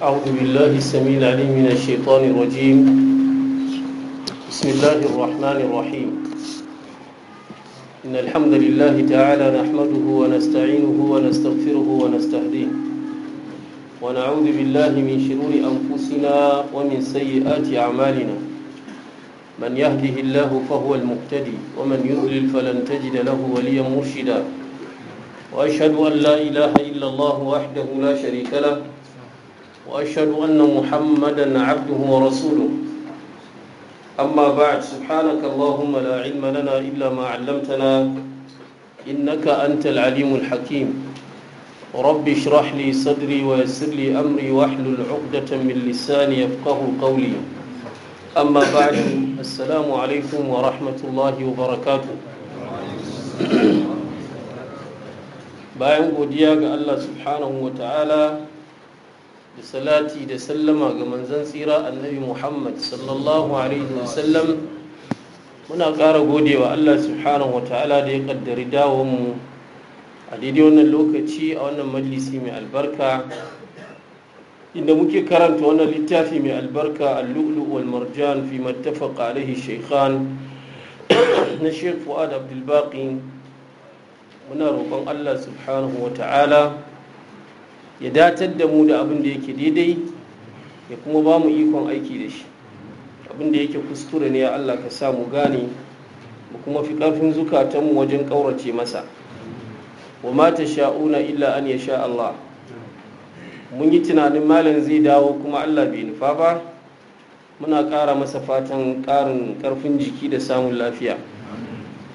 أعوذ بالله السميع العليم من الشيطان الرجيم بسم الله الرحمن الرحيم إن الحمد لله تعالى نحمده ونستعينه ونستغفره ونستهديه ونعوذ بالله من شرور أنفسنا ومن سيئات أعمالنا من يهده الله فهو المهتدي ومن يضلل فلن تجد له وليا مرشدا وأشهد أن لا إله إلا الله وحده لا شريك له وأشهد أن محمدا عبده ورسوله أما بعد سبحانك اللهم لا علم لنا إلا ما علمتنا إنك أنت العليم الحكيم رب اشرح لي صدري ويسر لي أمري واحلل عقدة من لساني يفقه قولي أما بعد السلام عليكم ورحمة الله وبركاته bayan godiya ga Allah subhanahu wa ta'ala da salati da sallama ga manzan tsira annabi muhammad sallallahu alaihi wasallam muna ƙara godewa allah subhanahu wa ta'ala da ya ƙaddari mu a daidai wannan lokaci a wannan majalisi mai albarka inda muke karanta wannan littafi mai albarka al-lu'lu wal marjan fi mattafaqa alaihi shaykhan na sheikh fuad abdulbaqi muna roƙon allah subhanahu wa ta'ala ya datar da mu da abin da yake daidai ya kuma ba mu ikon aiki da shi abin da yake kuskure ne ya Allah ka sa mu gane mu kuma fi ƙarfin zukatanmu wajen ƙaurace masa wa mata sha'una illa an ya sha Allah mun yi tunanin malam zai dawo kuma Allah bai nufa ba muna ƙara masa fatan ƙarin ƙarfin jiki da samun lafiya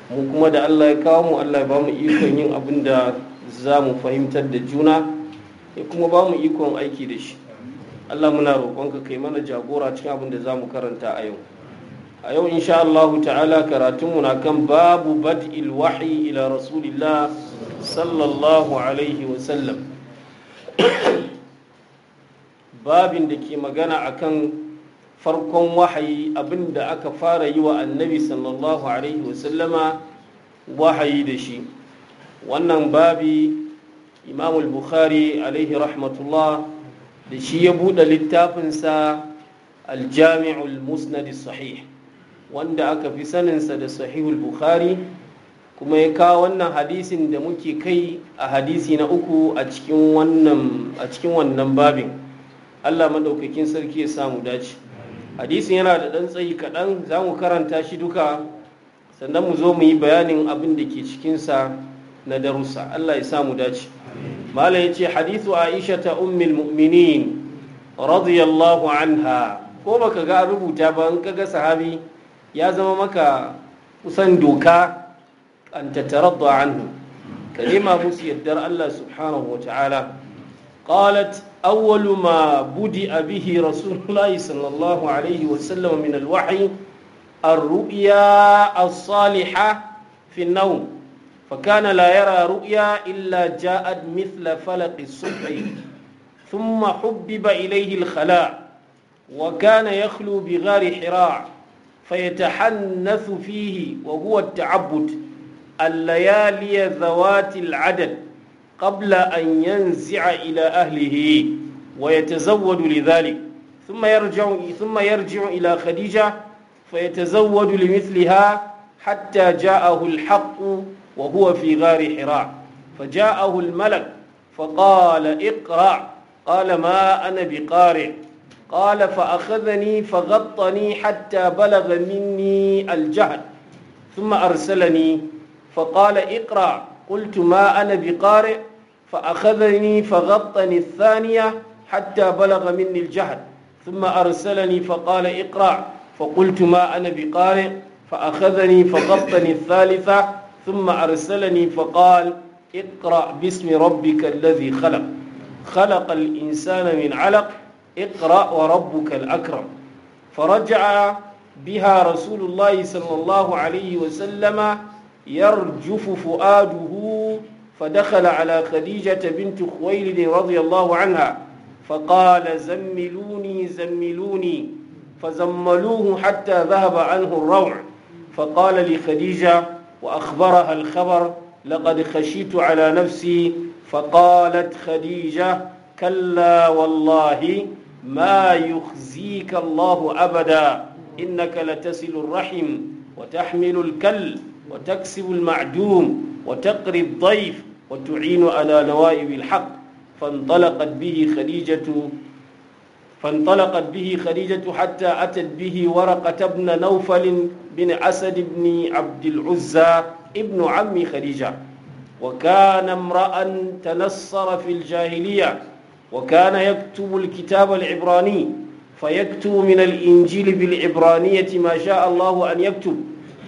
mu kuma da Allah ya kawo mu Allah ya ba mu ikon yin abin da za mu fahimtar da juna ya kuma ba mu ikon aiki da shi Allah muna roƙonka kai mana jagora cikin abin da za mu karanta a yau a yau insha Allah ta'ala karatunmu na kan babu bad'il wahyi ila rasulillah sallallahu alaihi wa sallam babin da ke magana akan farkon wahayi abin da aka fara yi wa annabi sallallahu alaihi wa sallama wahayi da shi wannan babi imamul bukhari alaihi rahmatullah da shi ya buɗe littafinsa aljami'ul musnadi sahih wanda aka fi saninsa da sahihul bukhari kuma ya kawo wannan hadisin da muke kai a hadisi na uku a cikin wannan babin allah maɗaukakin sarki ya samu dace hadisin yana da ɗan tsayi kaɗan za mu karanta shi duka sannan mu zo mu yi bayanin abin da ke cikinsa na darussa allah ya samu dace mala ya ce hadithu aisha ta ummil mu'minin radiyallahu anha ko baka ga rubuta ba in kaga sahabi ya zama maka kusan doka an tataradda anhu ka nema musu yardar Allah subhanahu wa ta'ala qalat awwalu ma budi'a bihi rasulullahi sallallahu alaihi wa sallam min alwahyi الرؤيا الصالحة في النوم فكان لا يرى رؤيا إلا جاءت مثل فلق الصبح ثم حبب إليه الخلاء وكان يخلو بغار حراع فيتحنث فيه وهو التعبد الليالي ذوات العدد قبل أن ينزع إلى أهله ويتزود لذلك ثم يرجع ثم يرجع إلى خديجة فيتزود لمثلها حتى جاءه الحق وهو في غار حراء فجاءه الملك فقال اقرأ قال ما أنا بقارئ قال فأخذني فغطني حتى بلغ مني الجهل ثم أرسلني فقال اقرأ قلت ما أنا بقارئ فأخذني فغطني الثانية حتى بلغ مني الجهل ثم أرسلني فقال اقرأ فقلت ما أنا بقارئ فأخذني فغطني الثالثة ثم أرسلني فقال اقرأ باسم ربك الذي خلق خلق الإنسان من علق اقرأ وربك الأكرم فرجع بها رسول الله صلى الله عليه وسلم يرجف فؤاده فدخل على خديجة بنت خويلد رضي الله عنها فقال زملوني زملوني فزملوه حتى ذهب عنه الروع فقال لخديجة وأخبرها الخبر لقد خشيت على نفسي فقالت خديجة كلا والله ما يخزيك الله أبدا إنك لتصل الرحم وتحمل الكل وتكسب المعدوم وتقري الضيف وتعين على نوائب الحق فانطلقت به خديجة فانطلقت به خديجة حتى أتت به ورقة بن نوفل بن أسد بن عبد العزى ابن عم خديجة وكان امرأ تنصر في الجاهلية وكان يكتب الكتاب العبراني فيكتب من الإنجيل بالعبرانية ما شاء الله أن يكتب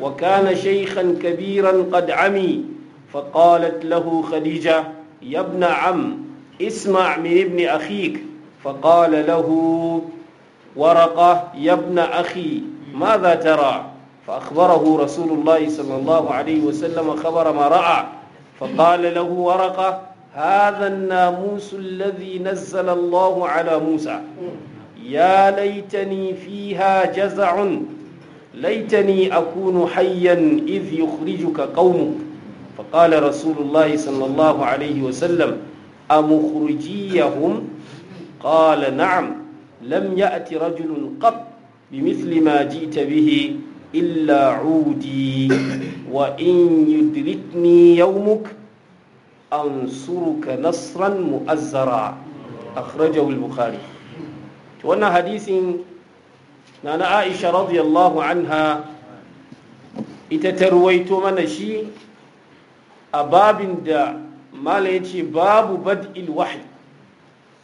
وكان شيخا كبيرا قد عمي فقالت له خديجة يا ابن عم اسمع من ابن أخيك فقال له ورقة يا ابن أخي ماذا ترى فأخبره رسول الله صلى الله عليه وسلم خبر ما رأى فقال له ورقة هذا الناموس الذي نزل الله على موسى يا ليتني فيها جزع ليتني أكون حيا إذ يخرجك قومك فقال رسول الله صلى الله عليه وسلم أمخرجيهم قال نعم لم يأت رجل قط بمثل ما جئت به إلا عودي وإن يدركني يومك أنصرك نصرا مؤزرا أخرجه البخاري وانا حديث نانا عائشة رضي الله عنها اتترويت من شيء أباب دا ما باب بدء الوحي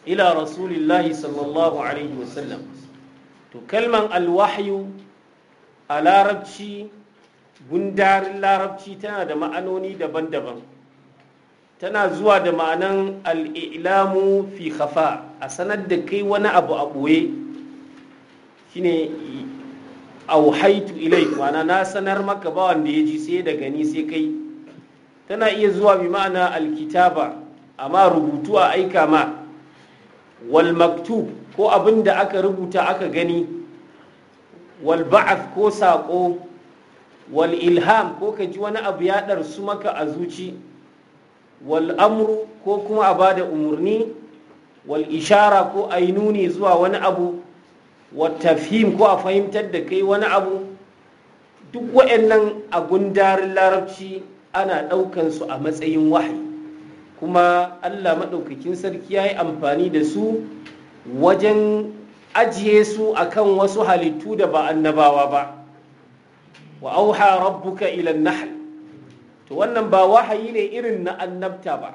ila rasulillahi sallallahu alaihi wasallam to kalman alwahyu a larabci gundarin larabci tana da ma'anoni daban-daban tana zuwa da ma'anan al'ilamu fi khafa a sanar da kai wani abu a ɓoye shine auhaitu ilai ma'ana na sanar maka ba wanda ya ji sai da gani sai kai tana iya zuwa bi ma'ana alkitaba amma rubutu a aika ma wal maktub ko abin da aka rubuta aka gani wal ba'ath ko saƙo wal ilham ko ka ji wani abu ya ɗarsu maka a zuci wal amru ko kuma a ba da umarni wal ishara ko a yi nuni zuwa wani abu wal tafhim ko a fahimtar da kai wani abu duk nan a gundarin larabci ana ɗaukansu a matsayin wahayi kuma allah maɗaukakin sarki ya yi amfani da su wajen ajiye su akan wasu halittu da ba annabawa ba wa auha rabbuka ila nahl to wannan ba wahayi ne irin na annabta ba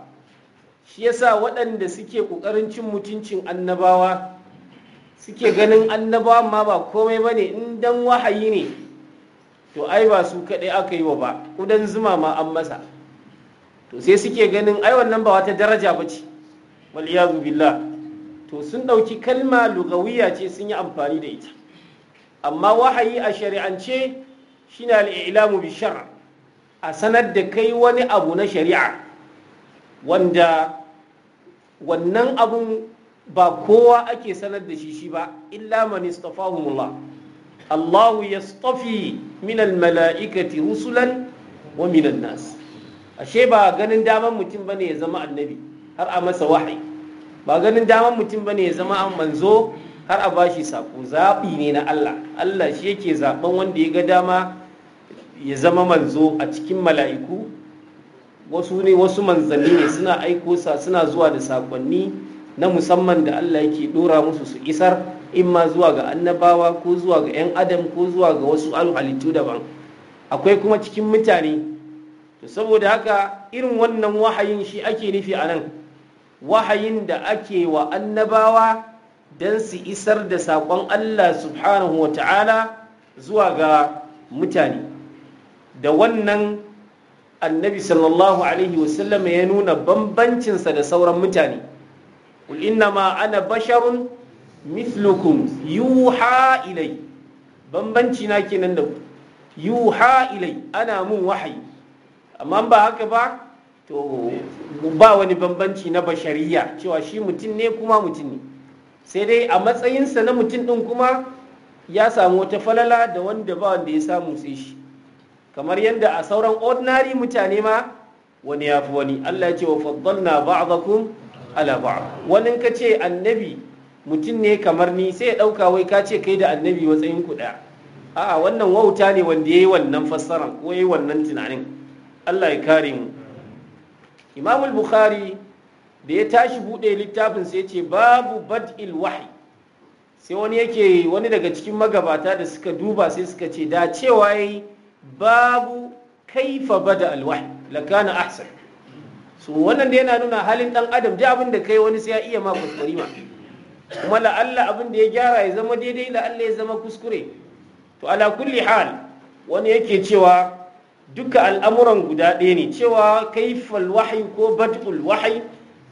shi yasa waɗanda suke ƙoƙarin cin mutuncin annabawa suke ganin annabawa ma ba komai ba ne in dan wahayi ne to ai ba su kaɗai aka yi wa ba ƙudan zuma ma an masa to sai suke ganin ai wannan ba wata daraja ba ce waliyazu billah to sun ɗauki kalma lugawiya ce sun yi amfani da ita amma wahayi a shari'ance shine al'ilamu bi a sanar da kai wani abu na shari'a wanda wannan abun ba kowa ake sanar da shi shi ba illa man istafahumullah Allahu ya min al-mala'ikati rusulan wa min nas ashe ba ganin daman mutum bane ya zama annabi har a masa wahayi ba ganin daman mutum bane ya zama an manzo har a bashi sako zaɓi ne na Allah Allah shi yake zaɓen wanda ya ga dama ya zama manzo a cikin mala'iku wasu ne wasu manzanni ne suna aiko sa suna zuwa da sakonni na musamman da Allah yake ɗora musu su isar in ma zuwa ga annabawa ko zuwa ga 'yan adam ko zuwa ga wasu halittu daban akwai kuma cikin mutane to saboda haka irin wannan wahayin shi ake nufi a nan wahayin da ake wa annabawa don su isar da saƙon Allah subhanahu wa ta'ala zuwa ga mutane da wannan annabi sallallahu alaihi wasallam ya nuna bambancinsa da sauran mutane قل innama ana basharun مثلكم yuha ilai bambanci na kenan da yuha ilai ana mun wahayi amma ba haka ba to ba wani bambanci na bashariya cewa shi mutum ne kuma mutum ne sai dai a matsayinsa na mutum ɗin kuma ya samu wata falala da wanda ba wanda ya samu sai shi kamar yadda a sauran ordinary mutane ma wani ya fi wani Allah ya ce wa faddalna ba'dakum ala ba'd wani ka ce annabi mutum ne kamar ni sai ya ɗauka wai ka ce kai da annabi matsayin ku ɗaya a'a wannan wauta ne wanda ya yi wannan fassara ko ya yi wannan tunanin Allah ya kare mu Imam al bukhari da ya tashi bude littafin sai ce babu bad'il wahi sai wani yake wani daga cikin magabata da suka duba sai suka ce da cewa yayi babu kaifa bada wahi lakana ahsan so wannan da yana nuna halin dan adam da abin da kai wani sai ya iya ma kuskure ma kuma la'alla abin da ya gyara ya zama daidai la'alla ya zama kuskure to ala kulli hal wani yake cewa duka al'amuran guda ɗaya ne cewa kaifal wahayi ko bad'ul wahayi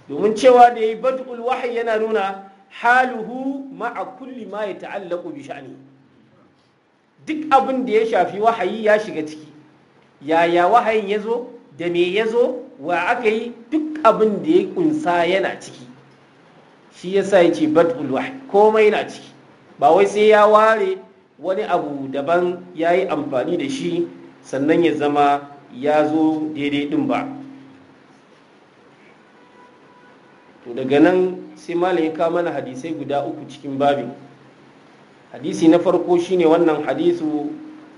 domin cewa da ya yi bad'ul wahayi yana nuna haluhu ma'a kulli ma ya ta'allaku bi sha'ani duk abin da ya shafi wahayi ya shiga ciki yaya wahayin ya zo da me ya zo wa aka yi duk abin da ya kunsa yana ciki shi yasa ya ce bad'ul wahayi komai na ciki ba wai sai ya ware wani abu daban ya yi amfani da shi sannan ya zama ya zo daidai din ba to daga nan sai malam ya kawo mana hadisai guda uku cikin babin hadisi na farko shine wannan hadisu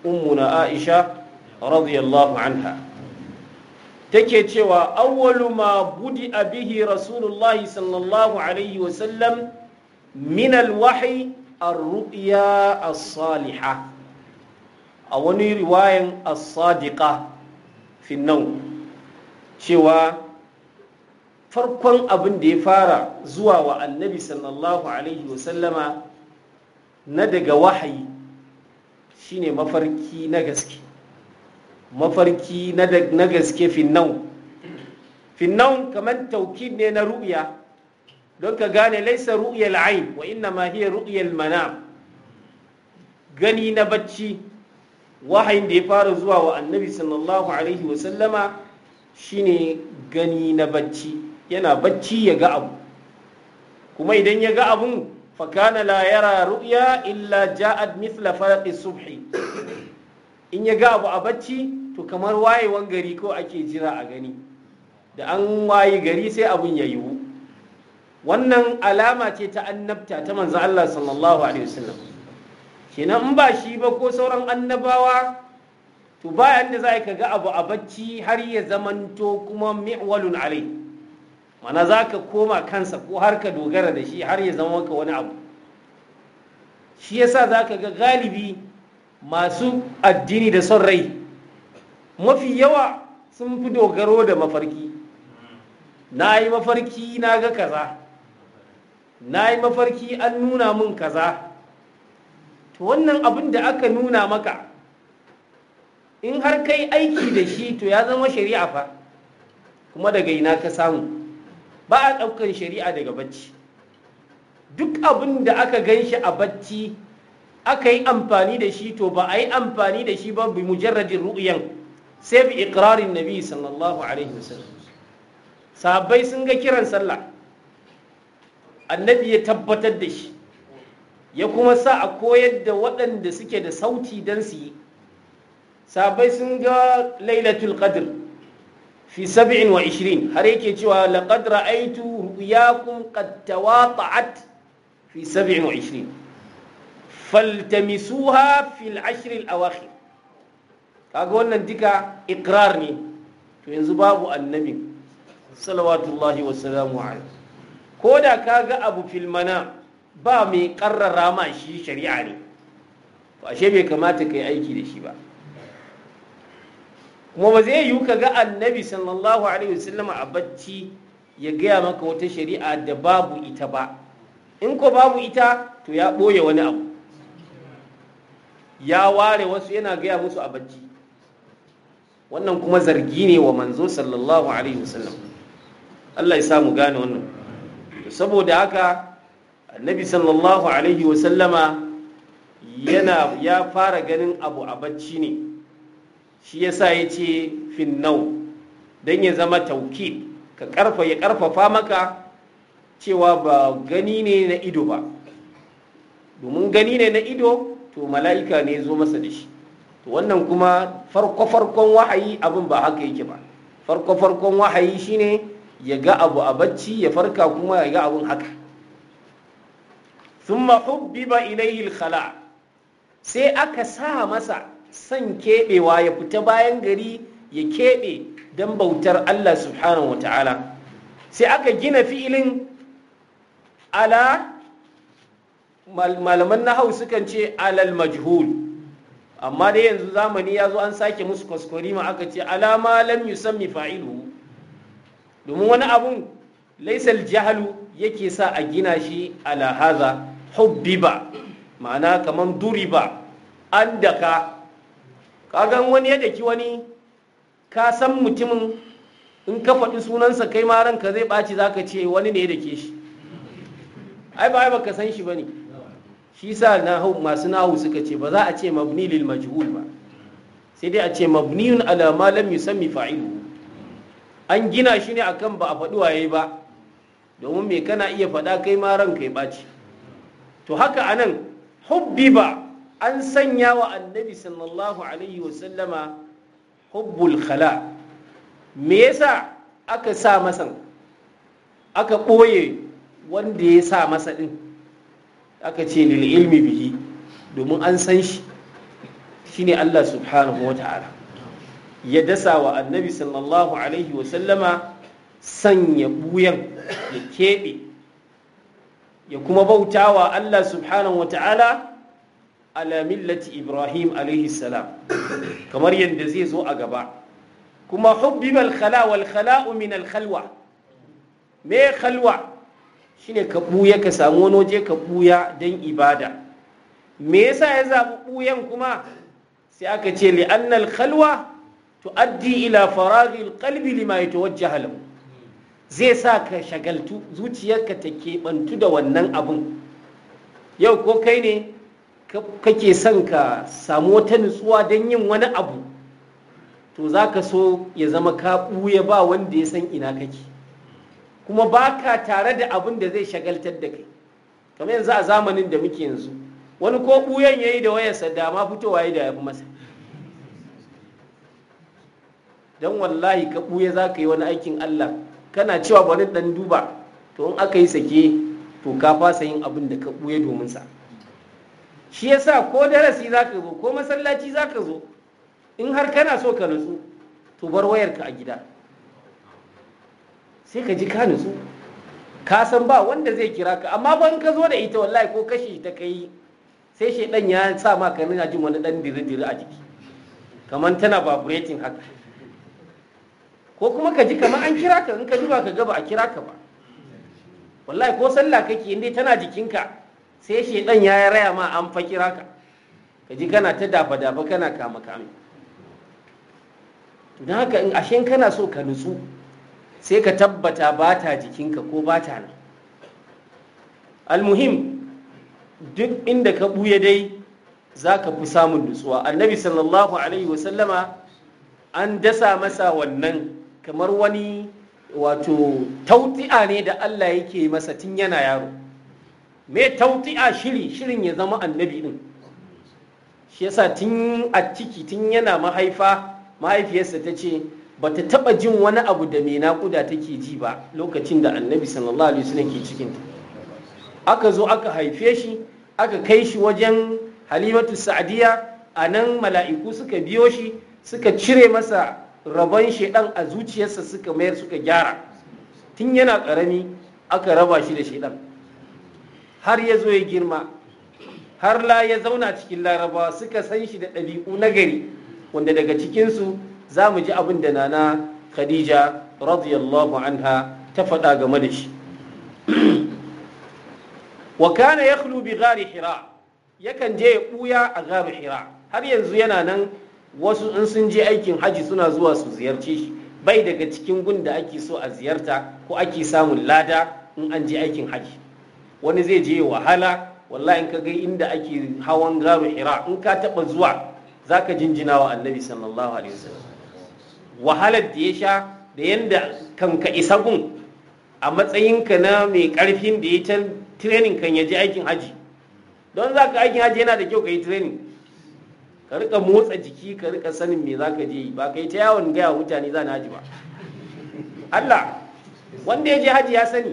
ummuna aisha radiyallahu anha take cewa awwalu ma budi bihi rasulullahi sallallahu alaihi wasallam min alwahi as-salihah a wani riwayan as-sadiqa finnan cewa farkon abin da ya fara zuwa wa annabi sallallahu alaihi wasallama na daga wahayi shine mafarki na gaske mafarki na gaske finnan kamar taukid ne na ru'ya don ka gane laisa ru'yal ain wa inna ma hiya ru'yal manam gani na bacci wahayin da ya fara zuwa wa annabi sallallahu alaihi wasallama shine gani na bacci yana bacci ya ga abu kuma idan ya ga abun fakana la yara ru'ya illa ja'ad mithla faraqi subhi in ya ga abu a bacci to kamar wayewan gari ko ake jira a gani da an waye gari sai abun ya yiwu wannan alama ce ta annabta ta manzo Allah sallallahu alaihi wasallam kenan in ba shi ba ko sauran annabawa to bayan da za ka ga abu a bacci har ya zamanto kuma mi'walun alai mana za ka koma kansa ko har ka dogara da shi har ya zama maka wani abu shi yasa za ka ga galibi masu addini da son rai mafi yawa sun fi dogaro da mafarki na yi mafarki na ga kaza na yi mafarki an nuna min kaza to wannan abin da aka nuna maka in har kai aiki da shi to ya zama shari'a fa kuma daga ina ka samu ba a ɗaukan shari'a daga bacci duk abin da aka gan shi a bacci aka yi amfani da shi to ba a yi amfani da shi ba bi mujarradin ru'yan sai bi ikrarin nabi sallallahu alaihi wasallam Sabai sun ga kiran sallah annabi ya tabbatar da shi ya kuma sa a koyar da waɗanda suke da sauti don su yi sabai sun ga lailatul qadr fi ishirin. har yake cewa laqad ra'aytu ru'yakum qad tawata'at fi 27 faltamisuha fi ashr al-awakhir kaga wannan duka ikrar ne to yanzu babu annabi salawatullahi wa salamu ko da kaga abu filmana ba mai karrara ma shi shari'a ne ashe bai kamata ka yi aiki da shi ba kuma ba zai yiwu ka ga annabi sallallahu alaihi wasallama a bacci ya gaya maka wata shari'a da babu ita ba in ko babu ita to ya ɓoye wani abu ya ware wasu yana gaya musu a bacci wannan kuma zargi ne wa manzo sallallahu alaihi wasallam Allah ya sa gane wannan saboda haka annabi sallallahu alaihi wasallama yana ya fara ganin abu a bacci ne shi yasa ya ce finnau don ya zama taukid ka karfa ya karfafa maka cewa ba gani ne na ido ba domin gani ne na ido to mala'ika ne zo masa da shi to wannan kuma farko-farkon wahayi abin ba haka yake ba farko-farkon wahayi shine ya ga abu a bacci ya farka kuma ya ga abin haka sun hubbiba ilayhi khala sai aka sa masa san kebewa ya fita bayan gari ya kebe dan bautar Allah subhanahu wataala sai aka gina fi'ilin ala malaman nahau sukan ce alal majhul amma da yanzu zamani ya zo an sake musu kwaskwari ma aka ce alama lam yusammi fa'ilu domin wani abun laisal jahalu yake sa a gina shi ala haza hubbi ba ma'ana kamar duri ba, an daka kagan wani ya daki wani ka san mutumin in ka faɗi sunansa kai ma ka zai ɓaci za ka ce wani ne da ke shi ai ba ba ka san shi ba ne shi sa masu nahu suka ce ba za a ce mabni lil majhul ba sai dai a ce mabniyun ala ma lam yusammi fa'ilu an gina shi ne akan ba a faɗi waye ba domin me kana iya faɗa kai ma ka ya ɓaci to haka anan hubbiba an sanya wa annabi sallallahu alaihi wasallama hubbul khala me yasa aka sa masa aka ɓoye wanda ya sa masa ɗin aka ce lil ilmi bihi domin an san shi shine Allah subhanahu wa ta'ala ya dasa wa annabi sallallahu alaihi wasallama sanya buyan ya keɓe ya kuma bauta wa Allah subhanahu wa ta'ala Ibrahim alaihi salam kamar yadda zai zo a gaba kuma hubbibal khala wal khala'u min khalwa me khalwa shine ka buya ka samu wani waje ka buya dan ibada me yasa ya zaɓi buyan kuma sai aka ce li'annal khalwa tuaddi ila faraghi al lima yatawajjahu zai sa ka shagaltu zuciyarka ta keɓantu da wannan abin yau ko kai ne kake son ka samu wata nutsuwa don yin wani abu to za ka so ya zama ka ɓuya ba wanda ya san ina kake kuma ba ka tare da abin da zai shagaltar da kai kamar yanzu a zamanin da muke yanzu wani ko ɓuyan ya yi da wayarsa da ma fitowa ya da ya fi masa don wallahi ka ɓuya za ka yi wani aikin allah kana cewa bari dan duba to in aka yi sake to ka fasa yin abin da ka buye domin sa shi yasa ko darasi zaka zo ko masallaci zaka zo in har kana so ka nutsu to bar wayarka a gida sai ka ji ka nutsu ka san ba wanda zai kira ka amma ban ka zo da ita wallahi ko kashe ta kai sai shedan ya sa ma ka jin wani dan diri-diri a jiki kamar tana vibrating haka ko kuma ka ji kamar an kira ka in ka duba ka gaba a kira ka ba wallahi ko sallah kake inda tana jikinka sai shi dan ya raya ma an fa kira ka ka ji kana ta dafa dafa kana kama kame dan haka in ashe kana so ka nutsu sai ka tabbata ba ta jikinka ko ba ta nan almuhim duk inda ka buya dai za ka fi samun nutsuwa annabi sallallahu alaihi wasallama an dasa masa wannan kamar wani wato tauti'a ne da Allah yake masa tun yana yaro me tauti'a shiri shirin ya zama annabi din shi yasa tun a ciki tun yana mahaifa mahaifiyarsa ta ce ba ta taba jin wani abu da mai naƙuda take ji ba lokacin da annabi sallallahu alaihi wasallam ke cikinta aka zo aka haife shi aka kai shi wajen halimatu sa'adiya a nan mala'iku suka biyo shi suka cire masa rabon shaidan a zuciyarsa suka mayar suka gyara tun yana karami aka raba shi da shaidan har ya zo ya girma har la ya zauna cikin larabawa suka san shi da ɗabi'u na gari wanda daga cikinsu za mu ji abin da nana khadija radiyallahu anha ta faɗa game da shi wa kana ya bi gari hira yakan je ya ɓuya a gari hira har yanzu yana nan wasu in sun je aikin haji suna zuwa su ziyarce shi bai daga cikin gun da ake so a ziyarta ko ake samun lada in an je aikin haji wani zai je wahala wallahi in ka ga inda ake hawan garu hira in ka taba zuwa zaka jinjina wa annabi sallallahu alaihi wasallam wahalar da ya sha da yanda kanka isa gun a matsayinka na mai karfin da ya can training kan ya je aikin haji don za ka aikin haji yana da kyau ka yi training ka rika motsa jiki ka rika sanin me zaka je yi ba kai ta yawon gaya mutane za na haji ba Allah wanda ya je haji ya sani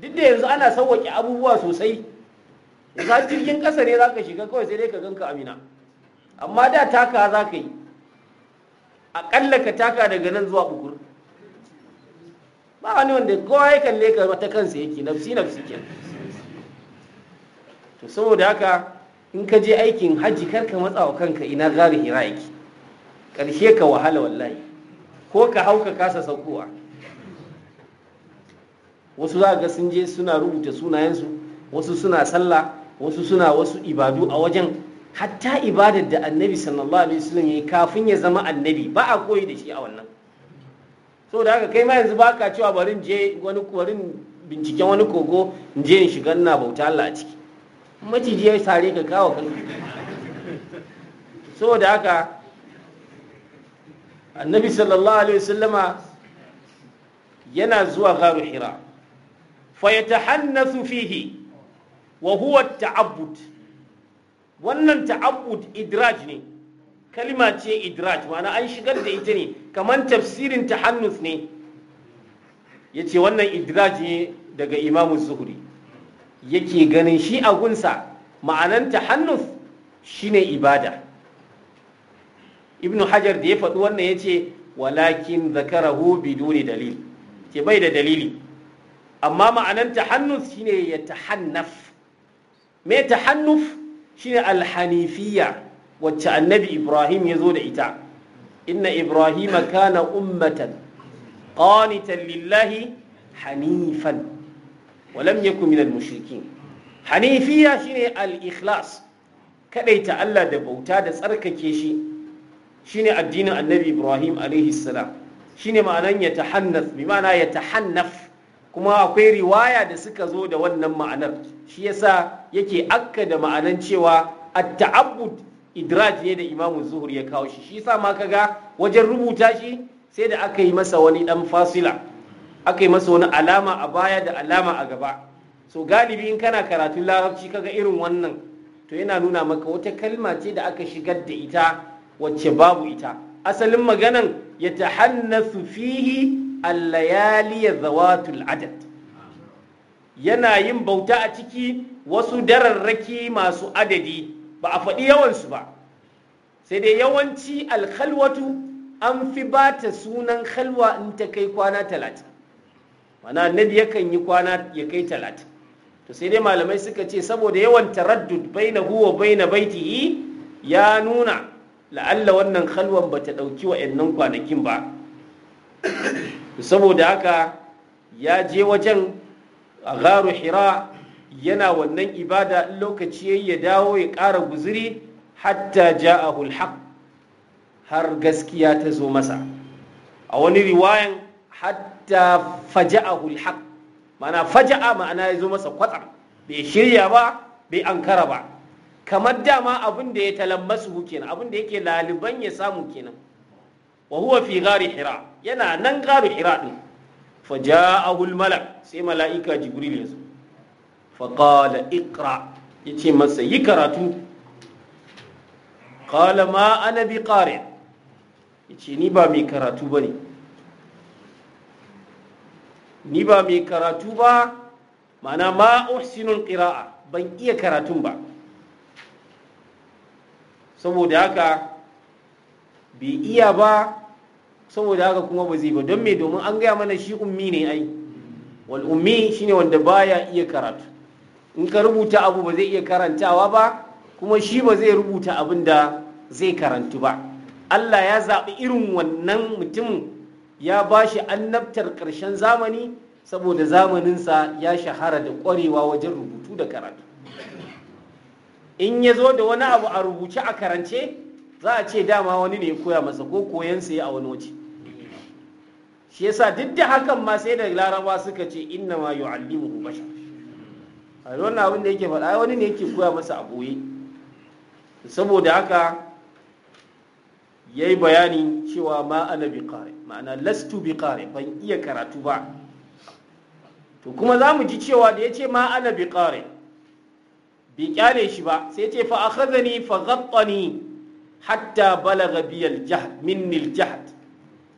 duk da yanzu ana sauwaƙe abubuwa sosai yanzu jirgin ƙasa ne zaka shiga kawai sai dai ka ganka amina amma da taka za ka yi aƙalla ka taka daga nan zuwa bukur ba wani wanda kowa ya kalle ka ta kansa yake nafsi nafsi kenan to saboda haka in ka je aikin hajji kar ka matsa wa kanka ina gari hira yake ƙarshe ka wahala wallahi ko ka hauka kasa saukowa wasu za ga sun je suna rubuta sunayensu wasu suna sallah wasu suna wasu ibadu a wajen hatta ibadar da annabi sallallahu alaihi wasallam yayi kafin ya zama annabi ba a koyi da shi a wannan so da haka kai ma yanzu baka cewa barin je wani binciken wani kogo in je in shiga ina bauta Allah a ciki maciji ya sare ka kawo kan saboda haka annabi sallallahu alaihi wasallama yana zuwa garu hira fa yatahannasu fihi wa huwa ta'abbud wannan ta'abbud idraj ne Kalima ce idraj ma'ana an shigar da ita ne kamar tafsirin tahannus ne Ya ce wannan idraj ne daga imamu zuhuri yake ganin shi a gunsa ma'ananta hannuf shine ibada ibnu hajar da ya faɗi wannan ya ce walakin zakarahu biduni dalil ce bai da dalili amma ma'ananta hannuf shine ya tahannaf me tahannuf shine alhanifiya wacce annabi ibrahim ya zo da ita inna ibrahima kana ummatan qanitan lillahi hanifan walam yakun minal mushrikin hanifiya shine al-ikhlas Kaɗai ta Allah da bauta da tsarkake shi shine addinin Annabi Ibrahim alaihi salam shine ma'anan ya tahannaf kuma akwai riwaya da suka zo da wannan ma'anar shi yasa yake akka da ma'anan cewa at-ta'abbud idraj ne da Imam Zuhur ya kawo shi shi yasa ma kaga wajen rubuta shi sai da aka yi masa wani ɗan fasila aka yi masa wani alama a baya da alama a gaba so galibi in kana karatun larabci kaga irin wannan to yana nuna maka wata kalma ce da aka shigar da ita wacce babu ita asalin maganan ya tahannasu fihi allayaliya zawatul adad yana yin bauta a ciki wasu dararraki masu adadi ba a faɗi yawansu ba sai dai yawanci alkhalwatu an fi ba ta sunan khalwa in ta kai kwana talatin mana yakan yi kwana ya kai talatin to sai dai malamai suka ce saboda yawan taraddud baina huwa baina baitihi ya nuna la'alla wannan khalwan bata dauki 'yannan kwanakin ba saboda haka ya je wajen a garu hira yana wannan ibada lokaci ya dawo ya ƙara guziri hatta a haq har gaskiya ta zo masa a wani riwayan hatta faja'ahu alhaq mana faja'a ma'ana ya zo masa kwatsam bai shirya ba bai ankara ba kamar dama abin da ya talammasu kenan abin da yake laliban ya samu kenan wa huwa fi gari hira yana nan gari hira din fa a almalak sai mala'ika jibril ya zo fa qala iqra yace masa yi karatu qala ma ana bi qari yace ni ba mai karatu bane ni ba mai karatu ba mana ma uhsinul qira'a ban iya karatun ba saboda haka bai iya ba saboda haka kuma ba zai ba don me domin an gaya mana shi ummi ne ai wal ummi shine wanda baya iya karatu in ka rubuta abu ba zai iya karantawa ba kuma shi ba zai rubuta abin da zai karantu ba Allah ya zaɓi irin wannan mutum? ya ba shi annabtar ƙarshen zamani saboda zamaninsa ya shahara da ƙwarewa wajen rubutu da karatu in ya zo da wani abu a rubuce a karance za a ce dama wani ne ya koya masa ko koyansa ya a wani waje shi yasa duk da hakan ma sai da laraba suka ce inna ma yu'allimuhu bashar a wannan abin da yake faɗa wani ne yake koya masa a boye saboda haka yayi bayani cewa ma ana bi qari ma'ana lastu bi qari ban iya karatu ba to kuma za mu ji cewa da ya ce ma ana bi qari bi kyale shi ba sai ya ce fa akhadhani fa ni hatta balaga bi al jahd minni al jahd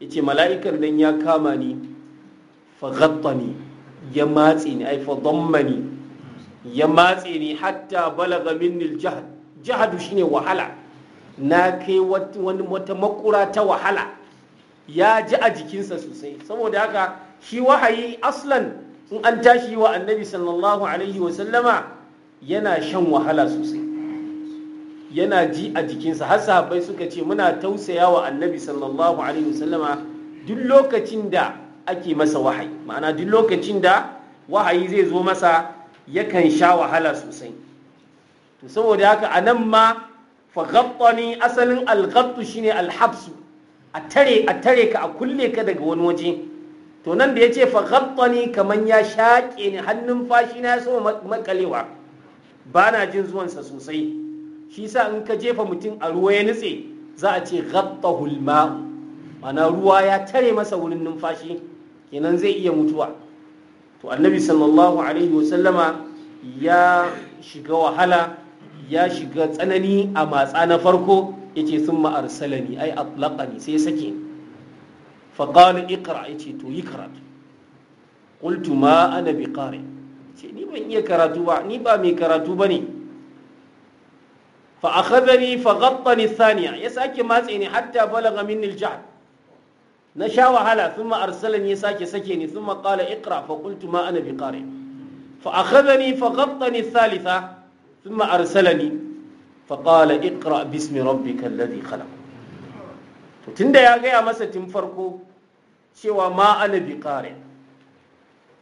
yace mala'ikan nan ya kama ni fa ni ya matse ni ai fa dammani ya matse ni hatta balaga min al jahd jahadu shine wahala na kai wata makura ta wahala ya ji a jikinsa sosai saboda haka shi wahayi aslan in an tashi wa annabi sallallahu alaihi wasallama yana shan wahala sosai yana ji a jikinsa har sahabbai suka ce muna tausaya wa annabi sallallahu alaihi wasallama duk lokacin da ake masa wahayi ma'ana duk lokacin da wahayi zai zo masa yakan sha wahala sosai to saboda haka a nan ma faghattani asalin alghattu shine alhabsu a tare a tare ka a kulle ka daga wani waje to nan da ya ce faghabtani kamar ya shaƙe ni hannun fashi na ya sama makalewa ba na jin zuwansa sosai shi sa in ka jefa mutum a ruwa ya nutse za a ce gabta hulma. mana ruwa ya tare masa wurin numfashi kenan zai iya mutuwa to annabi sallallahu alaihi wasallama ya shiga wahala ya shiga tsanani a matsa na farko ce sun ma'ar arsalani ai atlaqani sai sake ni fa qala iqra yace to yi karatu qultu ma ana biqari ce ni ban iya karatu ba ni ba mai karatu bane fa akhadhani fa ghattani thaniya ya sake matse ni hatta balagha minni al-jahd na sha wahala thumma arsalani ya sake sake ne sun qala iqra fa qultu ma ana biqari fa akhadhani fa Salisa sun ma'ar arsalani faƙala ikra bismi rabbika alladhi kala. to tunda ya gaya masa tun farko cewa ma ana bi ƙare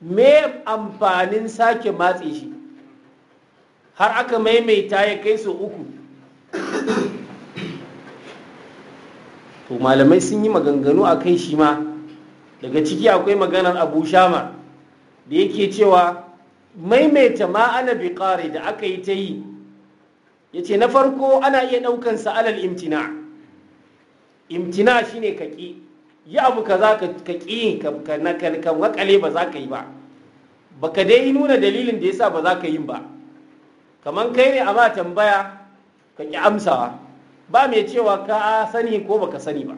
me amfanin sake matse shi har aka maimaita ya kai su uku to malamai sun yi maganganu a kai shi ma daga ciki akwai maganar abu shama da yake cewa maimaita ma ana bi da aka yi ta yi ya ce na farko ana iya ɗaukan sa'alar imtina imtina shine ka ƙi yi abu ka za ka ƙi ka makale ba za ka yi ba ba ka dai nuna dalilin da ya sa ba za ka yi ba kamar kai ne a ba tambaya ka ƙi amsawa ba mai cewa ka sani ko ba ka sani ba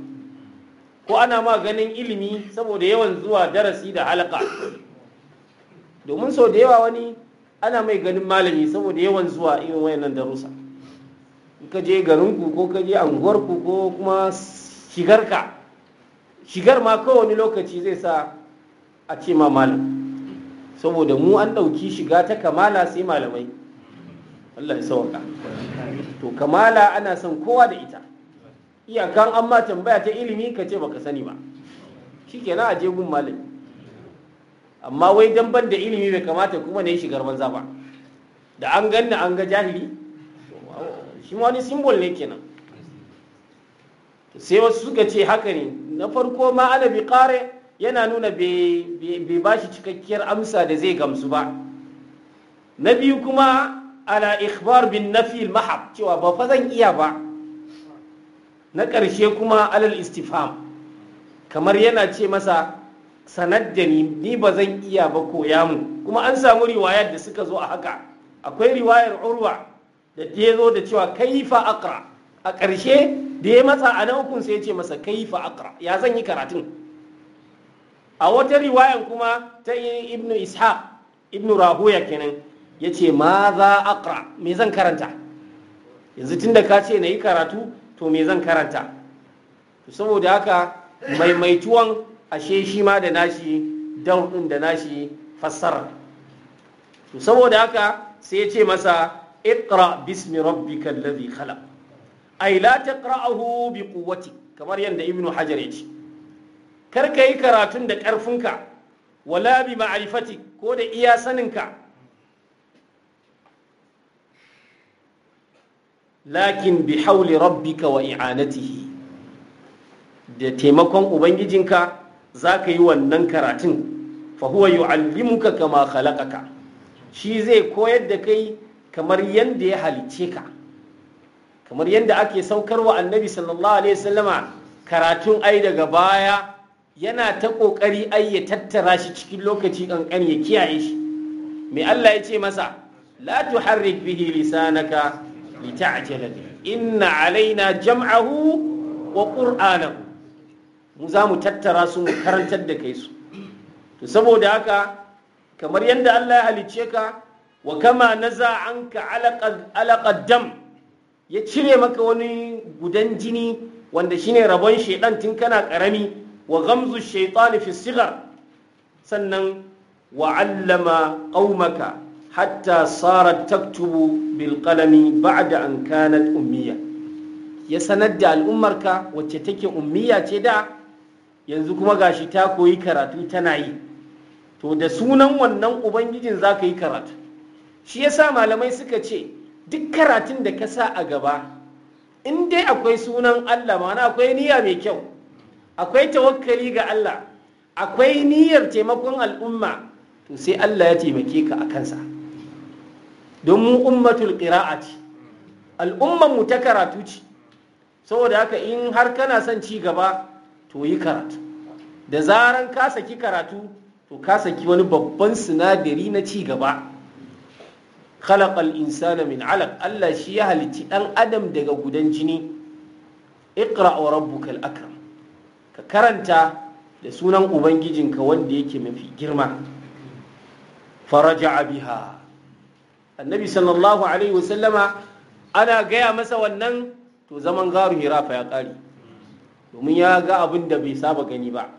ko ana ma ganin ilimi saboda yawan zuwa darasi da halaka domin sau da yawa wani ana mai ganin malami saboda yawan zuwa irin wayannan darussa ka je garinku ko ka je anguwarku ko kuma shigarka shigar ma kowane lokaci zai sa a ce ma malam saboda mu an ɗauki shiga ta kamala sai malamai Allah ya sauka to kamala ana son kowa da ita iyakan an ma tambaya ta ilimi ka ce baka sani ba shikenan a jegun gun amma wai dan ban da ilimi bai kamata kuma ne shigar banza ba da an ganna an ga jahili shi ma wani simbol ne kenan sai wasu suka ce haka ne na farko ma ana bi kare yana nuna bai ba shi cikakkiyar amsa da zai gamsu ba na biyu kuma ana ikhbar bin nafi mahab cewa ba fa zan iya ba na ƙarshe kuma alal istifham kamar yana ce masa sanar da ni ni ba zan iya ba koya mu kuma an samu riwayar da suka zo a haka akwai riwayar urwa da ya zo da cewa kaifa akra a ƙarshe da ya matsa a nan sai ya ce masa kaifa akra ya zan yi karatun a wata riwayan kuma ta ibnu Isha, ibnu rahuya kenan ya ce ma za akra me zan karanta yanzu tun da ka ce na yi karatu to me zan karanta saboda haka maimaituwan ashe shi ma da nashi daudin da nashi fassara saboda haka sai ya ce masa iqra bismi rabbikal ladhi khalaq ay la taqra'ahu bi quwwati kamar yadda ibnu hajar ya ce kar ka yi karatun da ƙarfinka wala bi ma'rifati ko da iya saninka lakin bi hauli rabbika wa i'anatihi da taimakon ubangijinka za ka yi wannan karatun fa huwa yu'allimuka kama ka? shi zai koyar da kai kamar yadda ya halicce ka kamar yadda ake saukarwa annabi sallallahu alaihi wasallama karatun ai daga baya yana ta ƙoƙari ai ya tattara shi cikin lokaci kankan ya kiyaye shi mai Allah ya ce masa la tuharrik bihi lisanaka lita'jala bi inna alaina jam'ahu wa qur'anahu mu za mu tattara su mu karantar da kai su to saboda haka kamar yadda Allah ya halicce ka wa kama na anka alaƙar ya cire maka wani gudan jini wanda shine rabon shaidan tun kana ƙarami wa gamzu shaitani fi sigar sannan wa allama ƙaumaka hatta sarat taktubu bilkalami qalami da an kanat ummiya ya sanar da al'ummarka wacce take ummiya ce da yanzu kuma gashi ta koyi karatu tana yi to da sunan wannan ubangijin za ka yi karatu shi ya sa malamai suka ce duk karatun da ka sa a gaba in dai akwai sunan Allah ma'ana akwai niyya mai kyau akwai tawakkali ga Allah akwai niyyar taimakon al'umma to sai Allah ya taimake ka a kansa don mu ummatul qira'ati al'umman mu ta karatu ce saboda haka in har kana son ci gaba to yi karatu da zaran ka saki karatu to ka saki wani babban sinadari na ci gaba khalaqal insana min alaq Allah shi ya halicci dan adam daga gudan jini iqra wa rabbukal akram ka karanta da sunan ubangijinka wanda yake mafi girma faraja biha annabi sallallahu alaihi wasallama ana gaya masa wannan to zaman garu hirafa ya kare domin ya ga abin da bai saba gani ba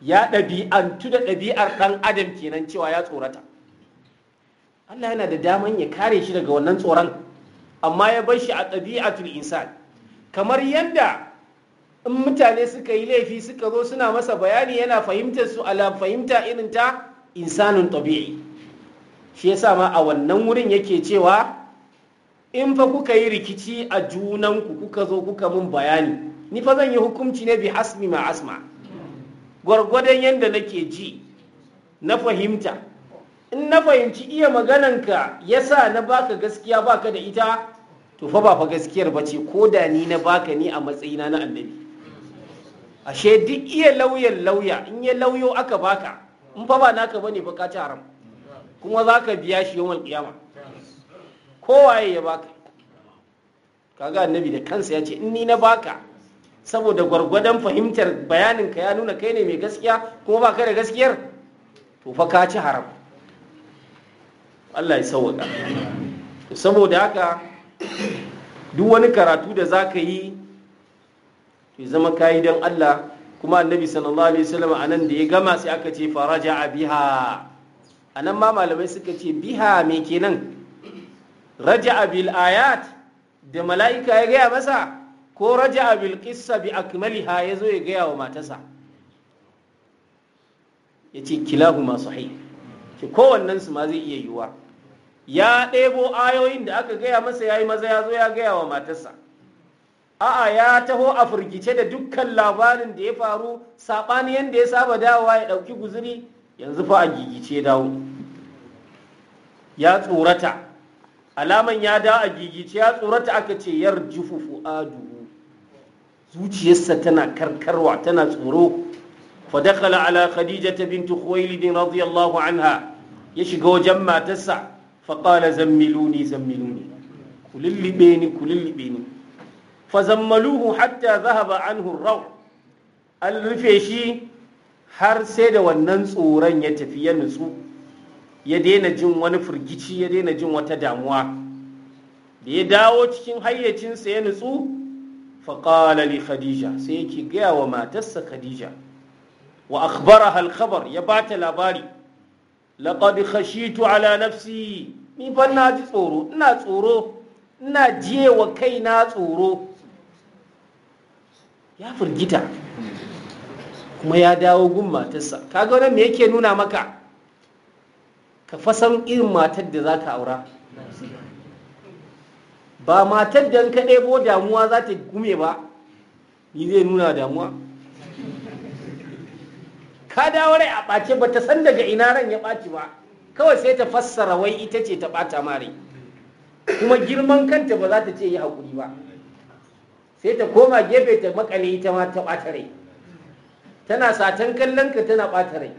ya ɗabi'antu da ɗabi'ar ɗan adam kenan cewa ya tsorata Allah yana da daman ya kare shi daga wannan tsoron amma ya bar shi a ɗabi'atul insan kamar yadda in mutane suka yi laifi suka zo suna masa bayani yana fahimtar su ala fahimta irin ta insanin tabi'i shi yasa ma a wannan wurin yake cewa in fa kuka yi rikici a junanku kuka zo kuka mun bayani ni fa zan yi hukunci ne bi hasmi ma asma gwargwadon yadda nake ji na fahimta in na fahimci iya magananka ya sa na baka gaskiya baka da ita to fa ba fa gaskiyar ba ce ko da ni na baka ni a matsayina na annabi ashe duk iya lauyan lauya in ya lauyo aka baka in fa ba naka bane fa ka ci haram kuma za ka biya shi yawan kiyama kowaye ya baka kaga annabi da kansa ya ce in ni na baka saboda gwargwadon fahimtar bayaninka ya nuna kai ne mai gaskiya kuma baka da gaskiyar to fa ka ci haram Allah ya sauwaka saboda haka duk wani karatu da za ka yi ya zama kayi don Allah kuma annabi sallallahu alaihi wasallam a nan da ya gama sai aka ce faraja a biha a nan ma malamai suka ce biha mai kenan raja bil ayat da mala'ika ya gaya masa ko raja bil qissa bi akmaliha ya zo ya gaya wa matasa? ya ce kilahu masu hai kowannen su ma zai iya yiwuwa ya ɗebo ayoyin da aka gaya masa ya yi maza ya zo ya gaya wa matarsa a'a ya taho a firgice da dukkan labarin da ya faru saɓani yadda ya saba dawowa ya ɗauki guzuri yanzu fa a gigice dawo ya tsorata alaman ya dawo a gigice ya tsorata aka ce yar jufu fu'adu zuciyarsa tana karkarwa tana tsoro fadakala ala ala khadijata bintu khuwailid radiyallahu anha ya shiga wajen matarsa faƙala zammiluni zammiluni ku lullube ni ku lullube ni fa zammaluhu hatta zahaba anhu raw an rufe shi har sai da wannan tsoron ya tafi ya nutsu ya daina jin wani firgici ya daina jin wata damuwa da ya dawo cikin hayyacinsa ya nutsu faƙala li khadija sai yake gaya wa matarsa khadija wa akhbaraha al-khabar ya bata labari laqad khashitu ala nafsi ni fa na ji tsoro ina tsoro ina jiye wa kaina tsoro ya firgita kuma ya dawo gun matarsa kaga wannan me yake nuna maka ka fasan irin matar da zaka aura ba matar da ka ɗebo damuwa za ta gume ba ni zai nuna damuwa ka dawo rai a ɓace ba ta san daga ina ran ya ɓaci ba kawai sai ta fassara wai ita ce ta ɓata mare kuma girman kanta ba za ta ce yi haƙuri ba sai ta koma gefe ta makale ita ma ta ɓata rai tana satan kallon ka tana ɓata rai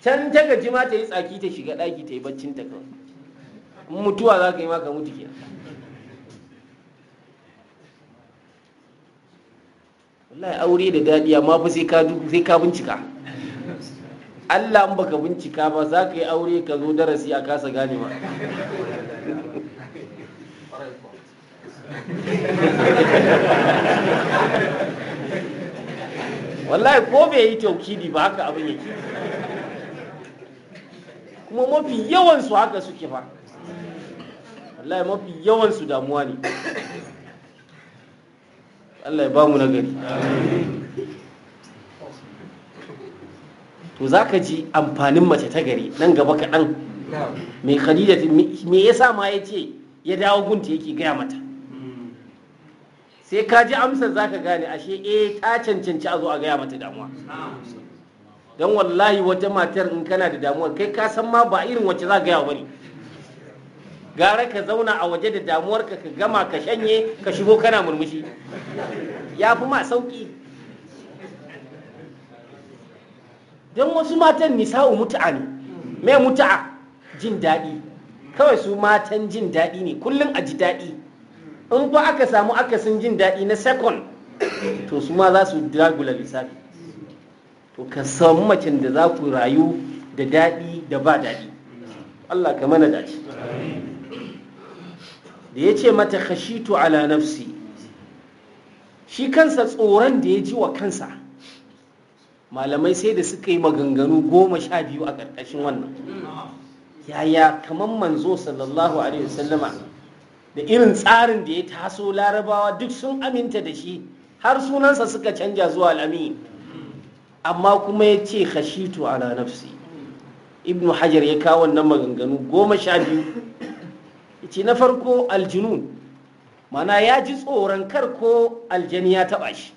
can ta gaji ma ta yi tsaki ta shiga ɗaki ta yi baccin ta kawai mutuwa za ka yi maka mutu kenan wallahi aure da daɗi amma fa sai ka bincika Allah in baka bincika ba za ka yi aure ka zo darasi a kasa gane ba wallahi ko bai yi taukidi ba haka abin yake kuma mafi yawansu haka suke ba wallahi mafi yawansu damuwa ne Allah ya ba mu nagari to za ka ji amfanin mace ta gari nan gaba kaɗan mai khadija me yasa ma ya ce ya dawo gunta yake gaya mata sai ka ji amsar za ka gane ashe e ta cancanci a zo a gaya mata damuwa don wallahi wata matar in kana da damuwa kai ka san ma ba irin wacce za gaya wa gara ka zauna a waje da damuwar ka ka gama ka shanye ka shigo kana murmushi ya fi ma sauki don wasu matan nisa'u mutu'a ne mai mutu'a jin daɗi kawai su matan jin daɗi ne kullum a ji daɗi in ba aka samu akasin jin daɗi na second to su ma za su dagula lissafi to ka samu macen da za ku rayu da daɗi da ba daɗi Allah ka mana dace. da ya ce mata khashitu ala nafsi shi kansa tsoron da ya ji wa kansa malamai sai da suka yi maganganu goma sha biyu a ƙarƙashin wannan yaya kamar manzo sallallahu alaihi wasallama da irin tsarin da ya taso larabawa duk sun aminta da shi har sunansa suka canja zuwa lami amma kuma ya ce khashitu ala nafsi ibnu hajar ya kawo wannan maganganu goma sha biyu ce na farko aljinu mana ya ji tsoron kar ko aljani ya taɓa shi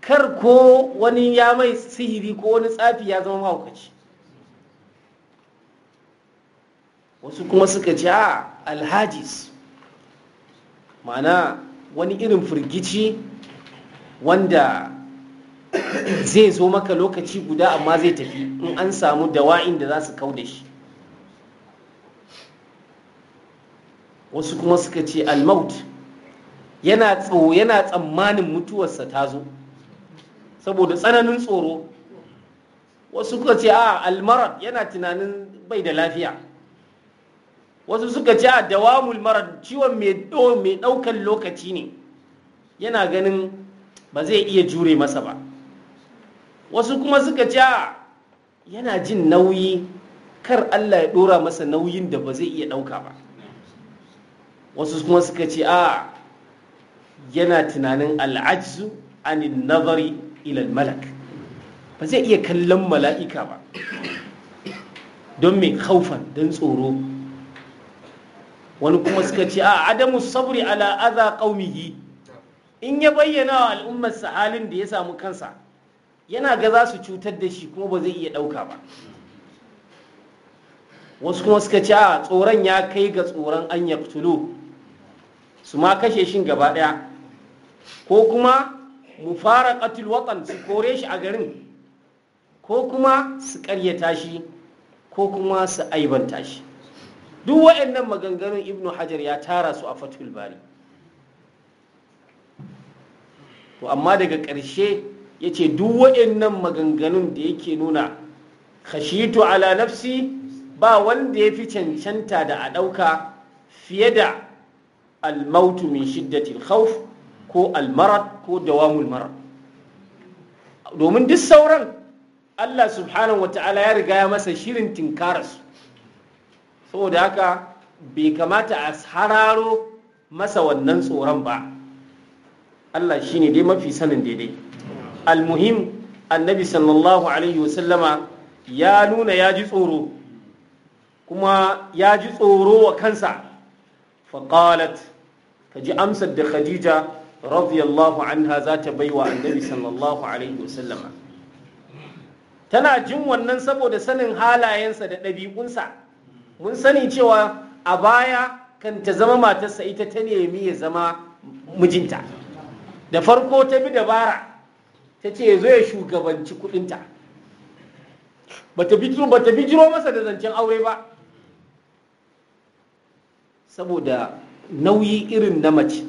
kar ko wani ya mai sihiri ko wani tsafi ya zama mahaukaci wasu kuma suka ce a alhajis mana wani irin firgici wanda zai zo maka lokaci guda amma zai tafi in an samu dawa'in da za su kau da shi wasu kuma suka ce almaut yana tsoro yana tsammanin mutuwarsa ta zo saboda tsananin tsoro wasu suka ce a ah, almarar yana tunanin bai da lafiya wasu suka ce a ah, dawamul marar ciwon mai ɗaukan lokaci ne yana ganin ba zai iya jure masa ba wasu kuma suka ce a ah, yana jin nauyi kar Allah ya ɗora masa nauyin da ba zai iya ɗauka ba wasu kuma suka ce a yana tunanin al'ajzu anin nazari ilal malak ba zai iya kallon mala'ika ba don mai haufan don tsoro wani kuma suka ce a adamu sabri ala aza qaumihi in ya bayyana wa al'ummarsa halin da ya samu kansa yana ga za su cutar da shi kuma ba zai iya ɗauka ba wasu kuma suka ce a tsoron ya kai ga tsoron an ya fitulo su ma kashe shin gaba ɗaya ko kuma mu fara ƙatil watan su kore shi a garin ko kuma su ƙaryata shi ko kuma su aibanta shi duk waɗannan maganganun ibnu hajar ya tara su a fatul bari to amma daga ƙarshe ya ce duk waɗannan maganganun da yake nuna khashitu ala nafsi ba wanda ya fi cancanta da a ɗauka fiye da almautu min shiddatil khawf ko almarad ko dawamul marad domin duk sauran Allah subhanahu wa ta'ala ya riga ya masa shirin tinkararsu saboda haka bai kamata a hararo masa wannan tsoron ba Allah shi ne dai mafi sanin daidai almuhim annabi sallallahu alaihi wasallama ya nuna ya ji tsoro kuma ya ji tsoro wa kansa faƙalat ka ji amsar da khadija radiyallahu anha za ta bai annabi sallallahu alaihi wasallama tana jin wannan saboda sanin halayensa da ɗabi'unsa mun sani cewa a baya kan ta zama matarsa ita ta nemi ya zama mijinta da farko ta bi dabara ta ce zo ya shugabanci kudinta bata bijiro masa da zancen aure ba saboda nauyi irin na mace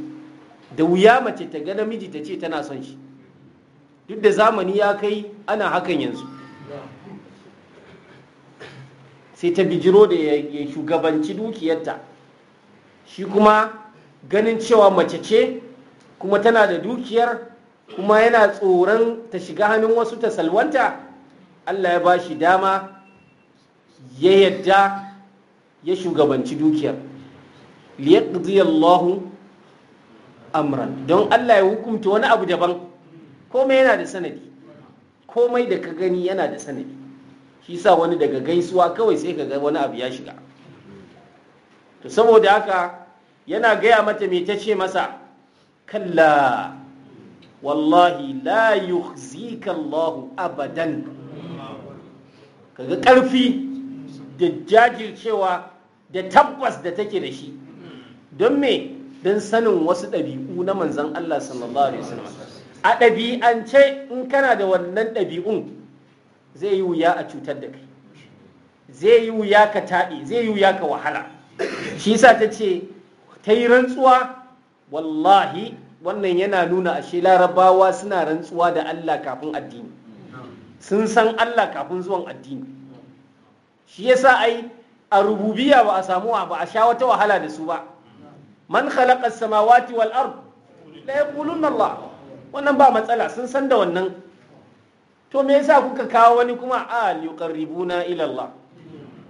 da wuya mace ta ga namiji ta ce tana son shi duk da zamani ya kai ana hakan yanzu sai ta bijiro da ya shugabanci dukiyarta shi kuma ganin cewa mace ce kuma tana da dukiyar kuma yana tsoron ta shiga hannun wasu ta salwanta allah ya ba shi dama ya yadda ya shugabanci dukiyar liyaqdi Allahu amran don Allah ya hukunta wani abu daban komai yana da sanadi komai da ka gani yana da sanadi shi sa wani daga gaisuwa kawai sai ka ga wani abu ya shiga to saboda haka yana gaya mata me ta ce masa kalla wallahi la yukhzika Allahu abadan kaga karfi da jajircewa da tabbas da take da shi don me don sanin wasu ɗabi'u na manzan Allah sallallahu alaihi wasallam a ɗabi'ance in kana da wannan ɗabi'un zai yi wuya a cutar da kai zai yi wuya ka taɗi zai yi wuya ka wahala shi sa ta ce ta yi rantsuwa wallahi wannan yana nuna ashe larabawa suna rantsuwa da Allah kafin addini sun san Allah kafin zuwan addini shi yasa ai a rububiya ba a samu ba a sha wata wahala da su ba man khalaqa samawati wal ard la yaquluna Allah wannan ba matsala sun san da wannan to me yasa kuka kawo wani kuma al ah, yuqarribuna ila Allah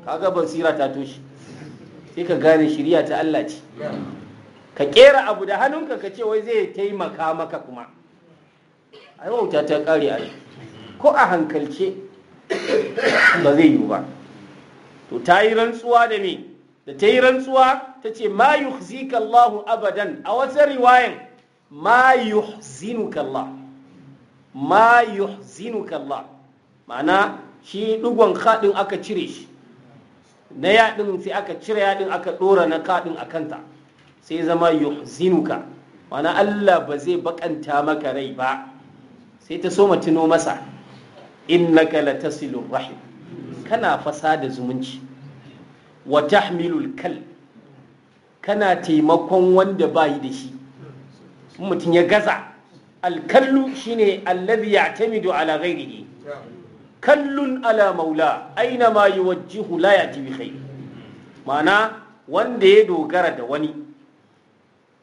kaga basira ta toshi sai ka gane shiriya ta Allah ce ka kera abu da hannunka ka ce wai zai taimaka maka kuma ai wauta ta kare ai ko a hankalce ba zai yiwu ba to tayi rantsuwa da me da ta yi rantsuwa ta ce ma yuhzika Allah abadan a wata riwayan ma yuhzinuka Allah ma yuhzinuka Allah ma'ana shi dugon kaɗin aka cire shi na yaɗin sai aka cire yaɗin aka ɗora na kaɗin a kanta sai zama yuhzinuka ma'ana Allah ba zai bakanta maka rai ba sai ta soma tuno masa In latasilu rahim kana fasa da zumunci wa kal kana taimakon wanda bayi da shi mutum ya gaza alkallu shine allazi ya'tamidu ala ghairihi kallun ala maula aina ma yuwajjihu la ya'ti bi khair ma'ana wanda ya dogara da wani